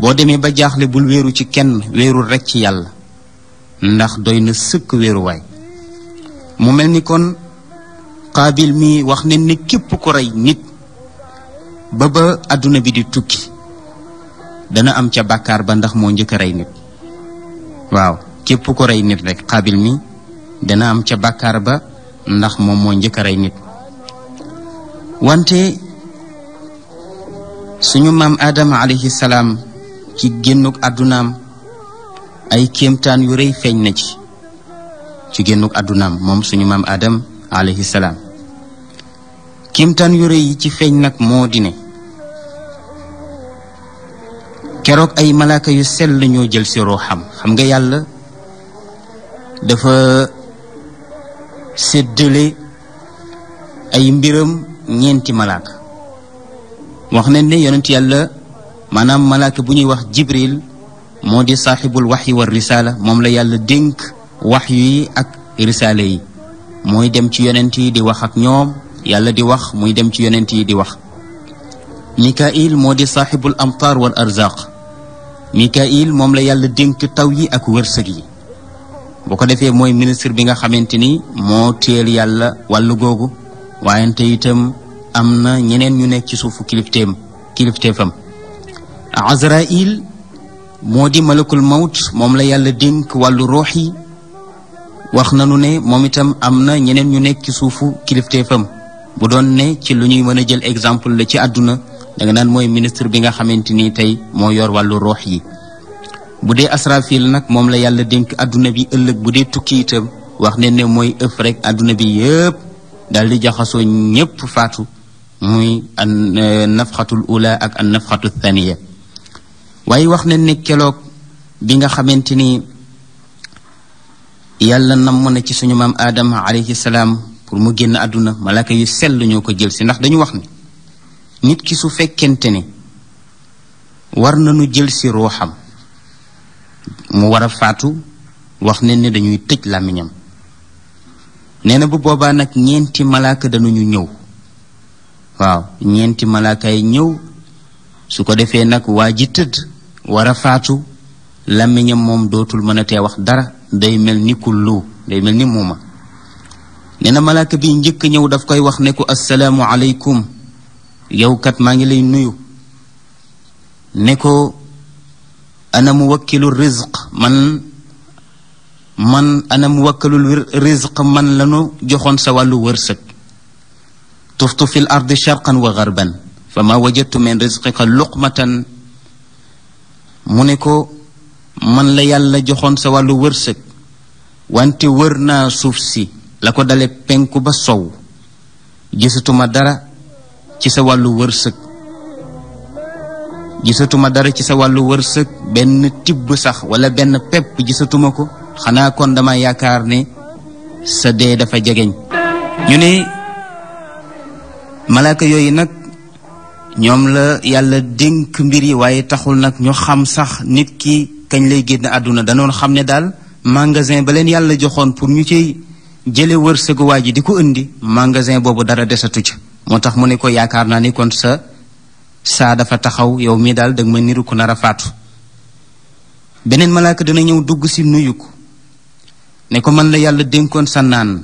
boo demee ba jaaxle bul wéeru ci kenn wéerul rekk ci yàlla ndax doy na sëkk wéeruwaay mu mel ni kon qaabil mi wax ne ne képp ko rey nit ba ba àdduna bi di tukki dana am ca bàkkaar ba ndax moo njëkk rey nit waaw képp ku rey nit rekk qaabil mi dana am ca bàkkaar ba ndax moom moo njëkk rey nit wante suñu maam Adama alayhi salaam ci génnuk àddunaam ay kéemtaan yu rëy feeñ na ci ci génnuk àddunaam moom suñu maam Adam alayhi salaam kéemtaan yu rëy yi ci feeñ nag moo dine keroog ay malaaka yu sell ñoo jël si ruuxam xam nga yàlla dafa séddale ay mbiram ñeenti malaaka wax nañ ne yonent yàlla maanaam malaaka bu ñuy wax jibril moo di saaxibul waxyi war risaala moom la yàlla dénk wax yi ak risaala yi mooy dem ci yonent yi di wax ak ñoom yàlla di wax muy dem ci yonent yi di wax mikail moo di saaxibul amtaar wal arzaq mikail moom la yàlla dénk taw yi ak wërsëg yi boo ko defee mooy ministre bi nga xamante ni moo téel yàlla wàllu googu waayante itam am na ñeneen ñu nekk ci suufu kilifteem kilifteefam Azrail moo di malakul mawt moom la yàlla dénk wàllu roox yi wax nanu ne moom itam am na ñeneen ñu nekk ci suufu kilifteefam bu doon ne ci lu ñuy mën a jël exemple la ci àdduna danga naan mooy ministre bi nga xamante ni tey moo yor wàllu roox yi bu dee asrafil nag moom la yàlla dénk àdduna bi ëllëg bu dee tukki itam wax ne ne mooy ëf rek àdduna bi yépp daal di jaxasoo ñépp faatu muy an e, nafxatul ula ak an nafxatu waaye wax na ne keroog bi nga xamante ni yàlla namm na ci suñu maam aadama alayhi salaam pour mu génn àdduna malaaka yu sell lañoo ko jël si ndax dañu wax ni nit ki su fekkente ni war nañu jël si ruuxam mu war a faatu wax ne ni dañuy tëj làmmiñam nee na bu boobaa nag ñeenti malaaka ñu ñëw waaw ñeenti malaaka yi ñëw su ko defee nag waa ji tëdd war a faatu làmmiñam moom dootul mën a tee wax dara day mel ni kullu day mel ni muuma nee na malaaka bi njëkk ñëw daf koy wax ne ko assalaamu aleykum yow kat maa ngi lay nuyu ne ko ana muwakkilu rizq man man anam wakkalul rizq man lanu joxoon sa wàllu wërsëg tuftu fil ardi sharqan wa garban fa ma wajadtu min ma luqmatan mu ne ko man la yàlla joxoon sa wàllu wërsëg wante wër naa suuf si la ko dale penku ba sow gisatuma dara ci sa wàllu wërsëg gisatuma dara ci sa wàllu wërsëg benn tibb sax wala benn pepp gisatuma ko xanaa kon dama yaakaar ne sa dee dafa jegeñ ñu ne malaaka yooyu nag ñoom la yàlla dénk mbir yi waaye taxul nag ñu xam sax nit ki kañ lay génn àdduna danoon xam ne daal magasin ba leen yàlla joxoon pour ñu ciy jële wërsëgu waa ji di ko indi magasin boobu dara desatu ca moo tax mu ne ko yaakaar naa ni kon sa saa dafa taxaw yow mii daal danga ma niru ko nar a faatu beneen malaaka dana ñëw dugg si nuyu ne ko man la yàlla dénkoon sa naan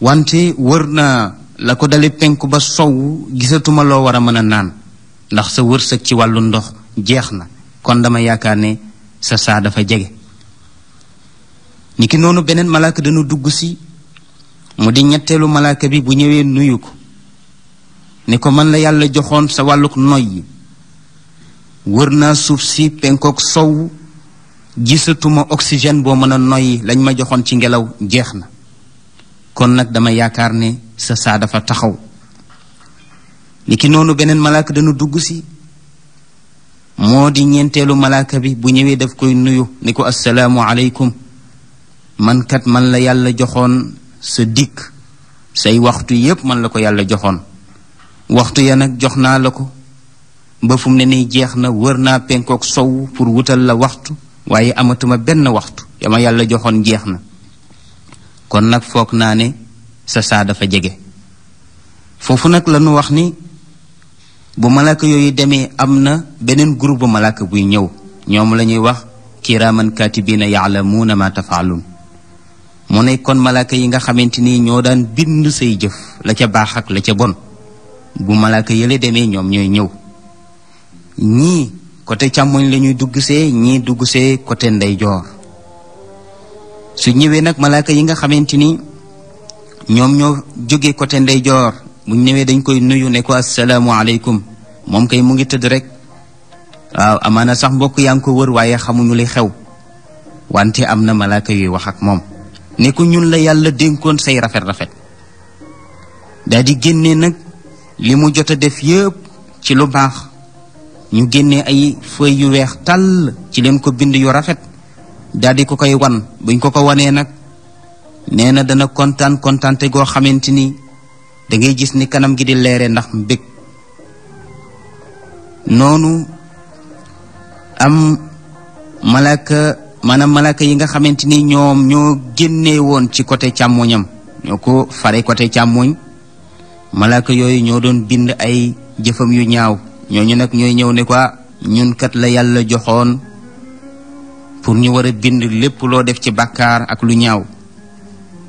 wante wër na la ko dale penku ba sow gisatuma loo war a mën a naan ndax sa wërsëg ci wàllu ndox jeex na kon dama yaakaar ne sa saa dafa jege ki noonu beneen malaaka dana dugg si mu di ñetteelu malaaka bi bu ñëwee nuyu ko ne ko man la yàlla joxoon sa wàlluk noyyi wër naa suuf si penkook sow gisatuma oxygène boo mën a noyyi lañ ma joxoon ci ngelaw jeex na kon nag dama yaakaar ne sa saa dafa taxaw li ki noonu beneen malaaka dana dugg si moo di ñeenteelu malaaka bi bu ñëwee daf koy nuyu ni ko assalaamu aleykum man kat man la yàlla joxoon sa dikk say waxtu yépp man la ko yàlla joxoon waxtu ya nag jox naa la ko ba fu ne nii jeex na wër naa penkook sow pour wutal la waxtu waaye amatuma benn waxtu yama yàlla joxoon jeex na kon nag foog naa ne sa saa dafa jege foofu nag la wax ni bu malaaka yooyu demee am na beneen groupe bu malaaka buy ñëw ñoom la ñuy wax kiraaman kaatibiina yaalamuuna ma tafaaluun moo ne kon malaaka yi nga xamante ni ñoo daan bind say jëf la ca baaxak la ca bon bu malaaka yële demee ñoom ñooy ñëw ñii côté càmmoñ la ñuy dugg see ñii dugg see côté ndeyjoor su ñëwee nag malaaka yi nga xamante ni ñoom ñoo jóge côté ndeyjoor bu ñëwee dañ koy nuyu ne ko asalaamualeykum moom kay mu ngi tëdd rek waaw amaana sax mbokk yaa ngi ko wër waaye xamuñu li xew wante am na malaaka yuy wax ak moom ne ñun la yàlla dénkoon say rafet-rafet daal di nag li mu jot def yépp ci lu baax ñu génne ay feuilles yu weex tàll ci leen ko bind yu rafet daal di ko koy wan buñ ko ko wanee nag nee na dana kontaan kontaante goo xamante ni da ngay gis ni kanam gi di leere ndax mbég noonu am malaka maanaam malaka yi nga xamante ni ñoom ñoo génnee woon ci côté càmmoñam ñoo ko fare côté càmmoñ malaka yooyu ñoo doon bind ay jëfam yu ñaaw ñooñu nag ñooy ñëw ne ko ah, ñun kat la yàlla joxoon pour ñu wara a bind lépp loo def ci bàkkaar ak lu ñaaw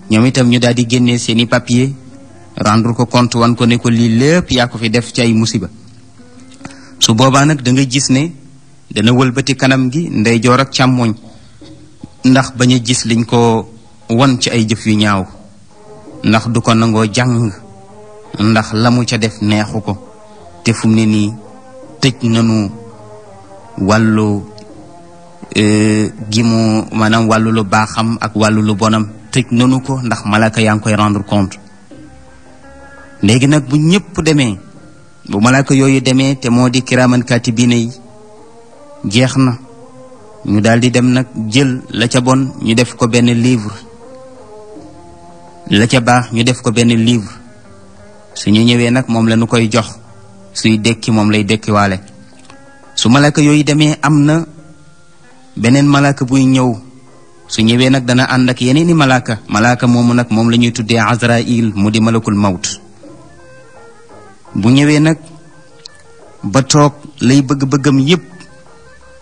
ñoom itam ñu daal di génnee seeni pappiye rendre ko compte wan ko ne ko lii lépp yaa ko fi def ci ay musiba su boobaa nag da gis ne dana wëlbati kanam gi ndeyjoor ak càmmooñ ndax bañ a gis liñ ko wan ci ay jëf yu ñaaw ndax du ko nangoo jàng ndax lamu ca def neexu ko te fu ne nii tëj nanu wàllu e, gi mu maanaam wàllu lu baaxam ak wàllu lu bonam tëj nanu ko ndax malaaka yaa ngi koy rendre compte léegi nag bu ñëpp demee bu malaaka yooyu demee te moo di kiraaman kaatibiina yi jeex na ñu daal di dem nag jël la ca bon ñu def ko benn livre la ca baax ñu def ko benn livre ñu ñëwee nag moom la ñu koy jox suy dekki moom lay dekkiwaale su malaka yooyu demee am na beneen malaka buy ñëw su ñëwee nag dana ànd ak yeneeni malaka malaka moomu nag moom la ñuy tuddee azrail mu di malakul mawt bu ñëwee nag ba toog lay bëgg-bëggam yépp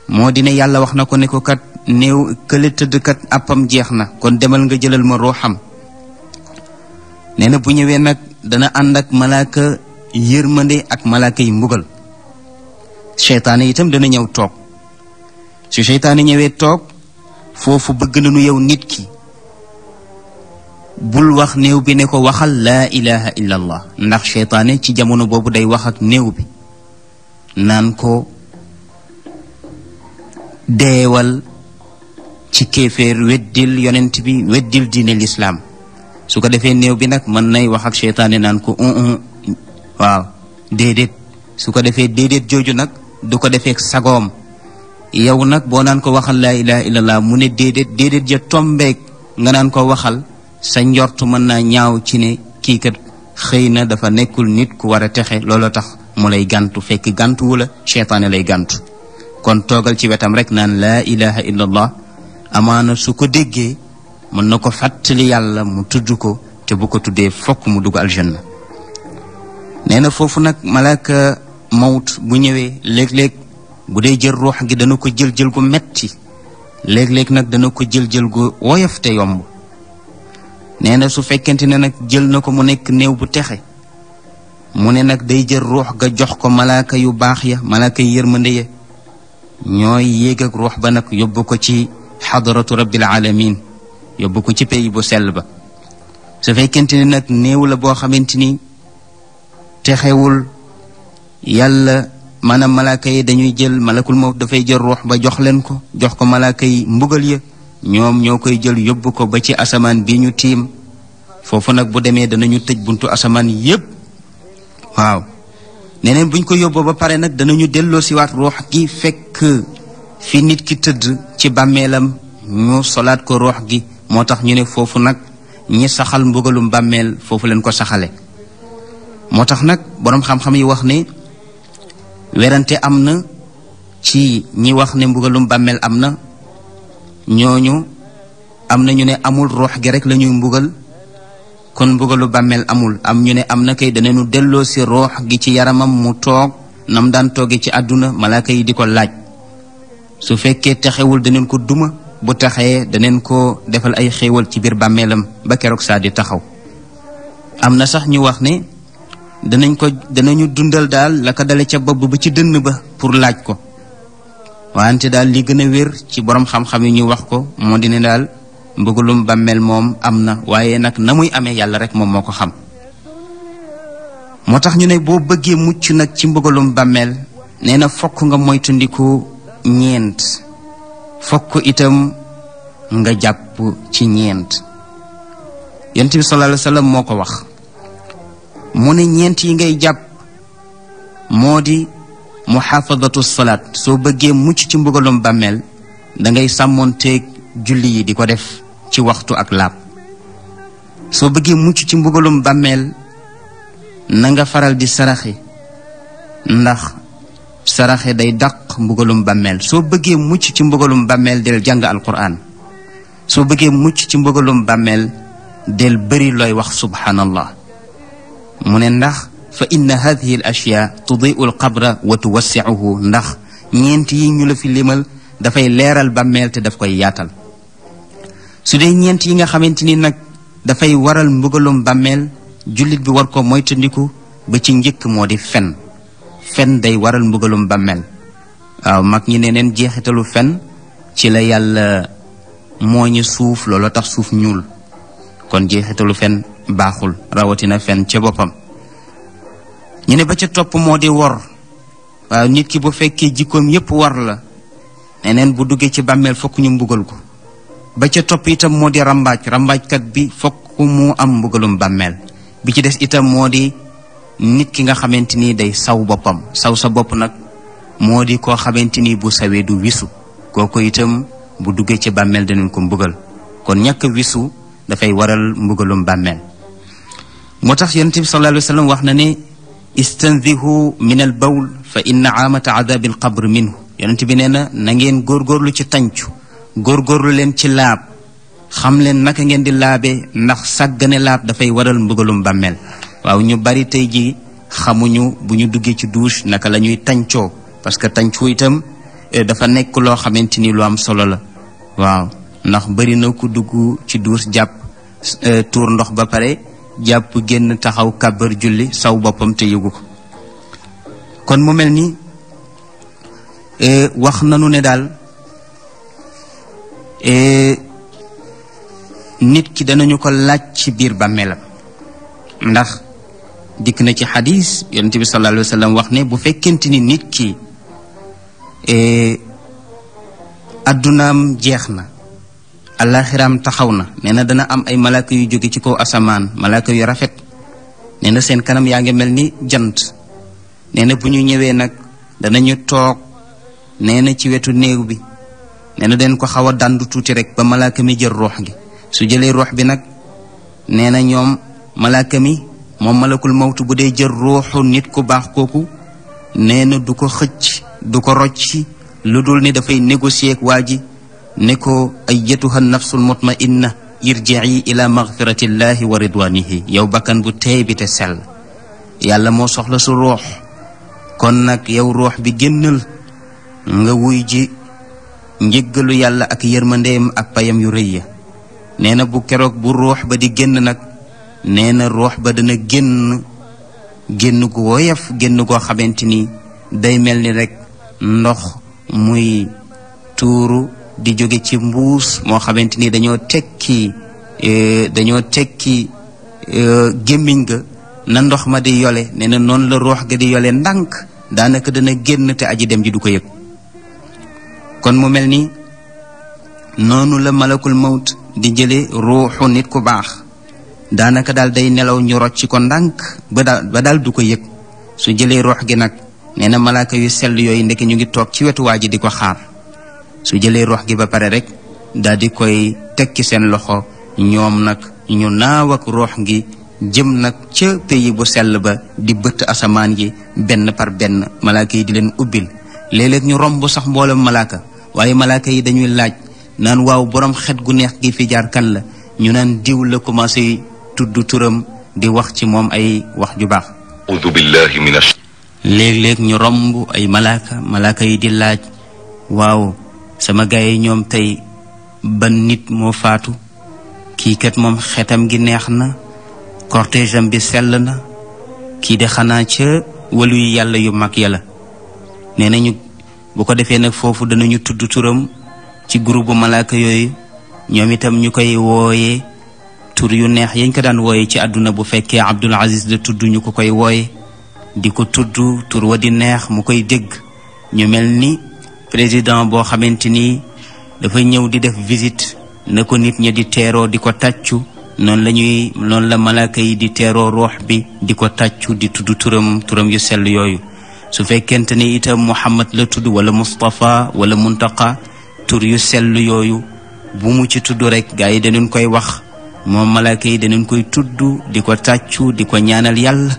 moo di ne yàlla wax na ko ne ko néew kële tëdd kat appam jeex na kon demal nga jëlal ma ruuxam nee bu ñëwee nag dana ànd ak malaaka yërmande ak malaaka yi mbugal seytaane itam dana ñëw toog su seytaane ñëwee toog foofu bëgg na nañu yow nit ki bul wax néew bi ne ko waxal laa ilaha illa ndax seytaane ci jamono boobu day wax ak néew bi naan ko deewal ci kéeféer weddil yonent bi weddil diine lislaam su ko defee néew bi nag mën nay wax ak naan ko un uh-uh. waaw déedéet su ko defee déedéet jooju nag du ko defee sagoom yow nag boo naan ko waxal laa ilaha illallah mu ne déedéet déedéet ja tombeeg nga naan ko waxal sa njort mën na ñaaw ci ne kii kat xëy na dafa nekkul nit ku war a texe looloo tax mu lay gantu fekk gàntu wala cheytaane lay gantu kon toogal ci wetam rek naan laa ilaha illallah amaana su ko déggee mën na ko fàttali yàlla mu tudd ko te bu ko tuddee fokk mu dugg aljanna nee na foofu nag malaaka mawt bu ñëwee léeg-léeg bu dee jël ruux gi dana ko jël jël gu metti léeg-léeg nag dana ko jël jël gu woyof te yomb nee na su fekkente ne nag jël na ko mu nekk néew bu texe mu ne nag day jël ruux ga jox ko malaaka yu baax ya malaaka yi yërmande ya ñooy yéeg ruux ba nag yóbbu ko ci xadaratu rabbil alamin yóbbu ko ci pays bu sel ba su fekkente ne nag néew la boo xamante te texewul yàlla maanaam malaaka yi dañuy jël malakul mawt dafay jël ruux ba jox leen ko jox ko malaaka yi mbugal ya ñoom ñoo koy jël yóbbu ko ba ci asamaan bii ñu tiim foofu nag bu demee danañu tëj buntu asamaan yépp waaw neneen buñ ko yóbboo ba pare nag danañu delloo siwaat ruux gi fekk fi nit ki tëdd ci bàmmeelam ñu solaat ko ruux gi moo tax ñu ne foofu nag ñi saxal mbugalum bàmmeel foofu leen ko saxale moo tax nag boroom xam-xam yi wax ne werante am na ci ñi wax ne mbugalum bàmmeel am na ñooñu am na ñu ne amul ruux gi rek la mbugal kon mbugalu bàmmeel amul am ñu ne am na kay danañu delloo si ruux gi ci yaramam mu toog nam daan tooge ci àdduna malaaka yi di ko laaj su fekkee taxewul daneen ko duma bu taxee daneen ko defal ay xéewal ci biir bàmmeelam ba keroog saa di taxaw am na sax ñu wax ne danañ ko danañu dundal daal la ko dale ca bopp ba ci dënn ba pour laaj ko wante daal li gën a wér ci boroom xam-xam yi ñu wax ko moo di ne daal mbëggalum bàmmeel moom am na waaye nag na muy amee yàlla rek moom moo ko xam moo tax ñu ne boo bëggee mucc nag ci mbëggalum bàmmeel nee na fokk nga moytandiku ñeent fokk itam nga jàpp ci ñeent yent bi sallallahu alayhi moo ko wax mu ne ñeent yi ngay jàpp moo di muxaafadatu solaat soo bëggee mucc ci mbugalum bàmmeel da ngay sàmmoonteeg julli yi di ko def ci waxtu ak laab soo bëggee mucc ci mbugalum bàmmeel na nga faral di saraxi ndax saraxi day daq mbugalum bàmmeel soo bëggee mucc ci mbugalum bàmmeel del jàng alquran soo bëggee mucc ci mbugalum bàmmeel del bari looy wax subhanallah mu ne ndax fa inna hadihi al ashya tudiu al qabra wa tuwassiuhu ndax ñeent yi ñu la fi limal dafay leeral bàmmeel te daf koy yaatal su dee ñeent yi nga xamante ni nag dafay waral mbugalum bàmmeel jullit bi war ko moytandiku ba ci njëkk moo di fenn fenn day waral mbugalum bàmmeel waaw mag ñi ne neen jeexitalu fen ci la yàlla moo mooñu suuf looloo tax suuf ñuul kon jeexitalu fenn baaxul rawatina fenn ca boppam ñu ne ba ca topp moo di wor waaw nit ki bu fekkee jikkoom yépp war la neneen bu duggee ci bàmmeel fokk ñu mbugal ko ba ca topp itam moo di rambaaj ràmbaajkat bi fokk mu am mbugalum bàmmeel bi ci des itam moo di nit ki nga xamante ni day saw boppam saw sa bopp nag moo di koo xamante ni bu sawee du wisu kooku itam bu duggee ci bàmmeel danañ ko mbugal kon ñàkk wisu dafay waral mbugalum bàmmeel moo tax yonent bi sallallahu wax na ne istanzihu min al bawl fa inna aamata adabi al qabr minhu yonent bi nee na na ngeen góorgóorlu ci góor góorlu leen ci laab xam leen naka ngeen di laabe ndax sàggane laab dafay waral mbugalum bàmmeel waaw ñu bari tey ji xamuñu bu ñu duggee ci duus naka la ñuy tàncoo parce que tàncu itam eh, dafa nekk loo xamante ni lu am solo la waaw ndax bari na ku dugg ci duus jàpp eh, tuur ndox ba pare jàpp génn taxaw kàbbar julli saw boppam te yëgu ko kon mu mel ni e, wax nanu ne daal e, nit ki danañu ko laaj ci biir bàmmeelam ndax dikk na ci xadis yonent bi sallallahu alayhi wa wax ne bu fekkente ni nit ki e, addunaam jeex na alaxiraam taxaw na nee na dana am ay malaaka yu jóge ci kaw asamaan malaaka yu rafet nee na seen kanam yaa ngi mel ni jant nee na bu ñu ñëwee nag danañu toog nee na ci wetu néew bi nee na den ko xaw a dàndu tuuti rek ba malaaka mi jël ruux gi su jëlee ruux bi nag nee na ñoom malaaka mi moom malakul mawtu bu dee jël ruuxu nit ku baax kooku nee na du ko xëcc du ko rocci lu dul ni dafay négocier ak waa ji ne ko ay ayyatuha nafsul mutmainna irji'i ila maghfiratillahi wa ridwanihi yow bakkan bu teey bi te sell yàlla moo soxla su ruux kon nag yow ruux bi génnal nga wuy ji njëggalu yàlla ak yërmandeem ak payam yu rëy ya nee na bu keroog bu roox ba di génn nag nee na ruux ba dana génn génn gu woyof génn goo xamante ni day mel ni rekk ndox muy tuuru di jóge ci mbuus moo xamante ni dañoo tekki e, dañoo tekki e, gémmiñ ga na ndox ma di yole nee na noonu la roox ga di yole ndànk daanaka dana génn te aji dem ji du ko yëg kon mu mel ni noonu la malakul mawt di jële ruuxu nit ku baax daanaka daal day nelaw ñu rocc ko ndànk ba daal daal du ko yëg su jëlee roox gi nag nee na malaaka yu sell yooyu ndeke ñu ngi toog ci wetu waa ji di ko xaar su jëlee rox gi ba pare rek daal di koy tekki seen loxo ñoom nag ñu naaw ak rox gi jëm nag ca pays bu sell ba di bëtt asamaan yi benn par benn malaaka yi di leen ubbil léeg-léeg ñu romb sax mboolem malaaka waaye malaaka yi dañuy laaj naan waaw boroom xet gu neex gi fi jaar kan la ñu naan diw la commencé tudd turam di wax ci moom ay wax ju baax léeg-léeg ñu romb ay malaaka malaaka yi di laaj waaw sama gaay yi ñoom tey ban nit moo faatu kii kat moom xetam gi neex na cortège bi sell na kii de xanaa ca walu yàlla yu mag ya la nee nañu bu ko defee nag foofu danañu tudd turam ci groupe malaaka yooyu ñoom itam ñu koy wooyee tur yu neex yañ ko daan wooyee ci àdduna bu fekkee Abdul Aziz da tudd ñu ko koy wooye di ko tudd tur wa di neex mu koy dégg ñu mel ni président boo xamante ni dafa ñëw di def visite na ko nit ñi di teeroo di ko tàccu noonu la ñuy noonu la malaaka yi di teeroo ruux bi di ko tàccu di tudd turam turam yu sell yooyu su fekkente ni itam Muhammad la tudd wala Moustapha wala Muntaqa tur yu sell yooyu bu mu ci tudd rek gaa yi dañu koy wax moom malaaka yi dañu koy tudd di ko tàccu di ko ñaanal yàlla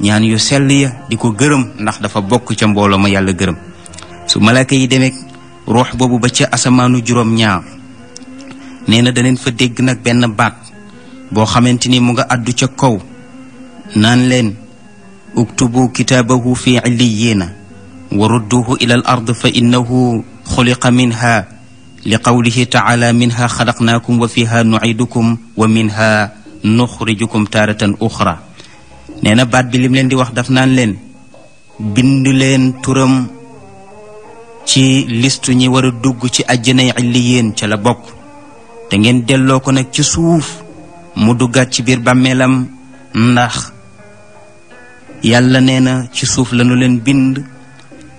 ñaan yu sell ya di ko gërëm ndax dafa bokk ca mbooloo ma yàlla gërëm su malaaka yi demeek ruux boobu ba ca asamaanu juróom-ñaar nee na daneen fa dégg nag benn baat boo xamante ni mu nga àddu ca kaw naan leen uktubu kitaabahu fi illiyiina wa rudduhu ila al ard fa innahu xuliqa minha li qawlihi taala minha xalaqnaakum wa fiha nucidukum wa minha nuxrijukum taaratan uxra nee baat bi leen di wax daf naan leen bind leen turam ci listu ñi war a dugg ci àjjanay illiyeen ca la bokk te ngeen delloo ko nag ci suuf mu duggaat ci biir bàmmeelam ndax yàlla nee na ci suuf lañu leen bind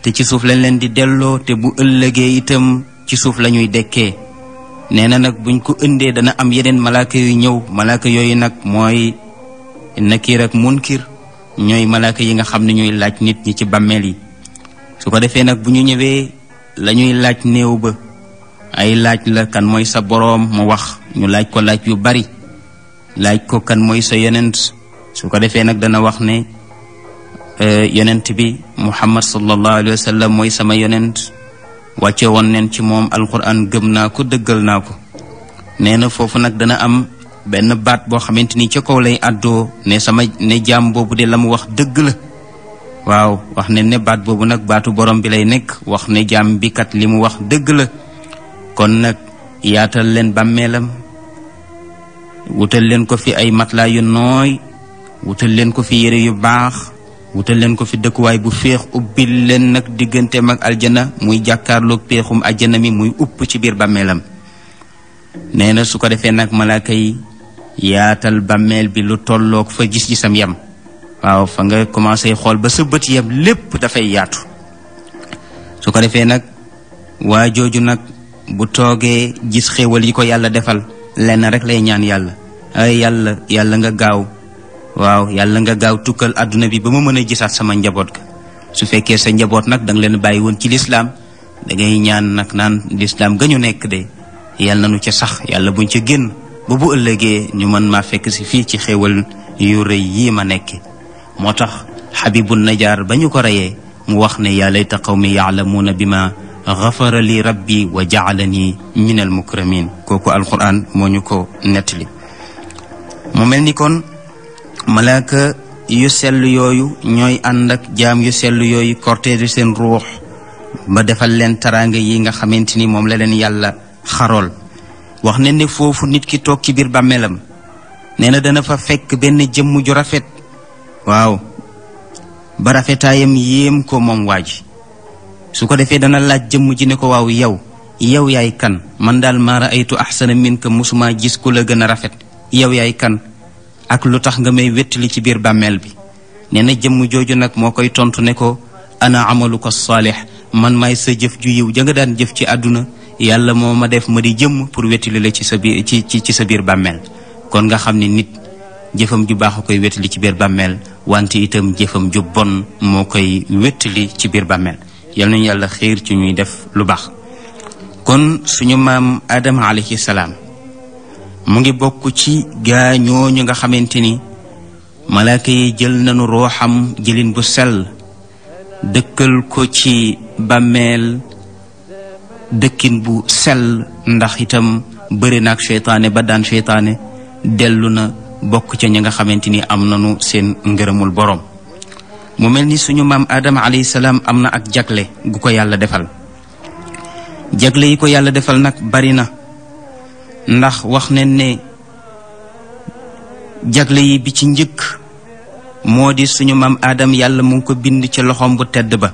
te ci suuf lañ leen di delloo te bu ëllëgee itam ci suuf la ñuy dekkee nee na nag buñ ko ëndee dana am yeneen malaaka yu ñëw malaaka yooyu nag mooy nakiir ak munkir ñooy malaaka yi nga xam ne ñuy laaj nit ñi ci bàmmeel yi su ko defee nag bu ñu ñëwee lañuy laaj néew ba ay laaj la kan mooy sa boroom mu wax ñu laaj ko laaj yu bari laaj ko kan mooy sa yonent su ko defee nag dana wax ne eh, yonent bi muhammad sallallahu alayhi wa mooy sama yonent wàcce woon neen ci moom alquran gëm naa ko dëggal naa ko nee na foofu nag dana am benn baat boo xamante ni ca kaw lay àddoo ne sama ne jaam boobu de la mu wax dëgg la waaw wax ne ne baat boobu nag baatu borom bi lay nekk wax ne jaam bi kat li mu wax dëgg la kon nag yaatal leen bàmmeelam wutal leen ko fi ay matelas yu nooy wutal leen ko fi yére yu baax wutal leen ko fi dëkkuwaay bu féex ubbi leen nag digganteem ak aljana muy jàkkaarloog péexum aljana mi muy upp ci biir bàmmeelam nee na su ko defee nag malaaka yi yaatal bàmmeel bi lu tolloog fa gis-gisam yam waaw fa nga commencé xool ba sa bët yam lépp dafay yaatu su ko defee nag waa jooju nag bu toogee gis xéewal yi ko yàlla defal lenn rek lay ñaan yàlla ay yàlla yàlla nga gaaw waaw yàlla nga gaaw tukkal àdduna bi ba ma mën a gisaat sama njaboot ga su fekkee sa njaboot nag danga leen bàyyi woon ci lislaam dangay ñaan nag naan lislaam ga ñu nekk de yàlla na nu ca sax yàlla buñ ci génn ba bu ëllëgee ñu mën maa fekk si fii ci xéewal yu rëy yii ma nekki moo tax xabibun najaar ba ñu ko reyee mu wax ne yaa layta qawmi yaalamuuna bi ma xafara li rabbi wa jaalani min al mukramin kooku alquran moo ñu ko nettali mu mel ni kon malaaka yu sell yooyu ñooy ànd ak jaam yu sell yooyu cortège seen ruux ba defal leen taraanga yi nga xamante ni moom la leen yàlla xarool wax ne foofu nit ki toog ci biir bàmmeelam nee na dana fa fekk benn jëmm ju rafet waaw ba rafetaayam yéem ko moom waa ji su ko defee dana laaj jëmm ji ne ko waaw yow yow yaay kan man daal maa raaytu axsana min mosuma gis ku la gën a rafet yow yaay kan ak lu tax nga may wéttali ci biir bàmmeel bi nee na jëmm jooju nag moo koy tontu ne ko ana ko saalix man may sa jëf ju yiw ja nga daan jëf ci àdduna yàlla moo ma def ma di jëmm pour wettali la ci sa biir ci ci sa biir bàmmeel kon nga xam ne nit jëfam ju baax a koy wétali ci biir bàmmeel wante itam jëfam ju bon moo koy wétali ci biir bàmmeel yal nañu yàlla xiir ci ñuy def lu baax kon suñu maam Adama alayhi salaam mu ngi bokk ci gaa ñooñu nga xamante ni malaaka yi jël nañu rooxam jëlin bu sel dëkkal ko ci bàmmeel dëkkin bu sel ndax itam bëri naag seytaane ba daan seytaane dellu na bokk ca ñi nga xamante ni am na nañu seen ngërëmul boroom mu mel ni suñu maam Adama alayhi salaam am na ak jagle gu ko yàlla defal jagle yi ko yàlla defal nag bari na ndax wax nañ ne jagle yi bi ci njëkk moo di suñu maam Adama yàlla mu ngi ko bind ci loxoom bu tedd ba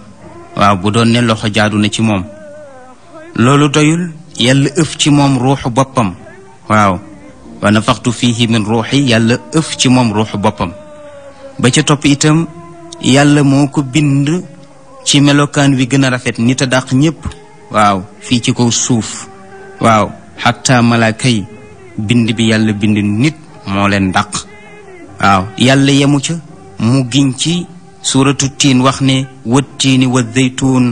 waaw bu doon ne loxo jaadu na ci moom loolu doyul yàlla ëf ci moom ruuxu boppam waaw wa nafaxtu fii min ruuxi yàlla ëf ci moom ruuxu boppam ba ca topp itam yàlla moo ko bind ci melokaan wi gën a rafet nit a dàq ñépp waaw fii ci kaw suuf waaw xatta malaaka bind bi yàlla bind nit moo leen dàq waaw yàlla yemu ca mu giñ ci suuratu tiin wax ne wattiini wa zeytuun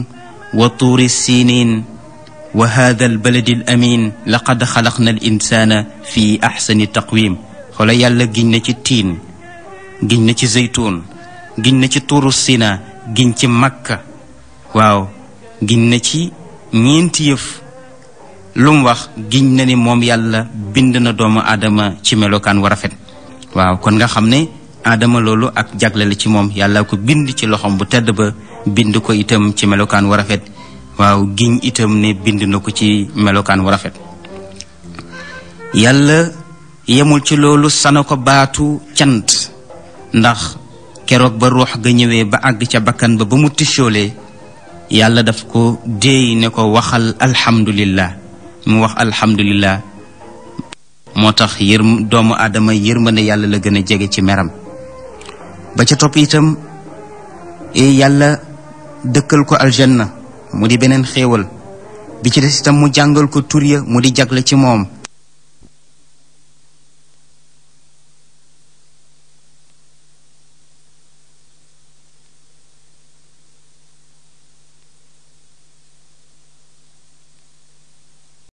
wa tuuri siiniin wa hada albaladi al amin laqad xalaqna al insana fi axsani taqwim xoola yàlla giñ na ci tiin giñ na ci zeytuun giñ na ci tuuru sina giñ ci makka waaw giñ na ci ñeenti yëf lum wax giñ na ni moom yàlla bind na doomu aadama ci melokaan wa rafet waaw kon nga xam ne aadama loolu ak jagle la ci moom yàlla ko bind ci loxoom bu tedd ba bind ko itam ci melokaan wa rafet waaw giñ itam ne bind na ko ci melokaan wu rafet yàlla yemul ci loolu sana ko baatu cant ndax keroog ba ruux ga ñëwee ba àgg ca bàkkan ba ba mu tisoolee yàlla daf ko déey ne ko waxal alhamdulillah mu wax alhamdulillah moo tax yërm doomu aadama yërmande yàlla la gën a jege ci meram ba ca topp itam e yàlla dëkkal ko aljanna mu di beneen xéewal bi ci des itam mu jàngal ko tur mu di jagle ci moom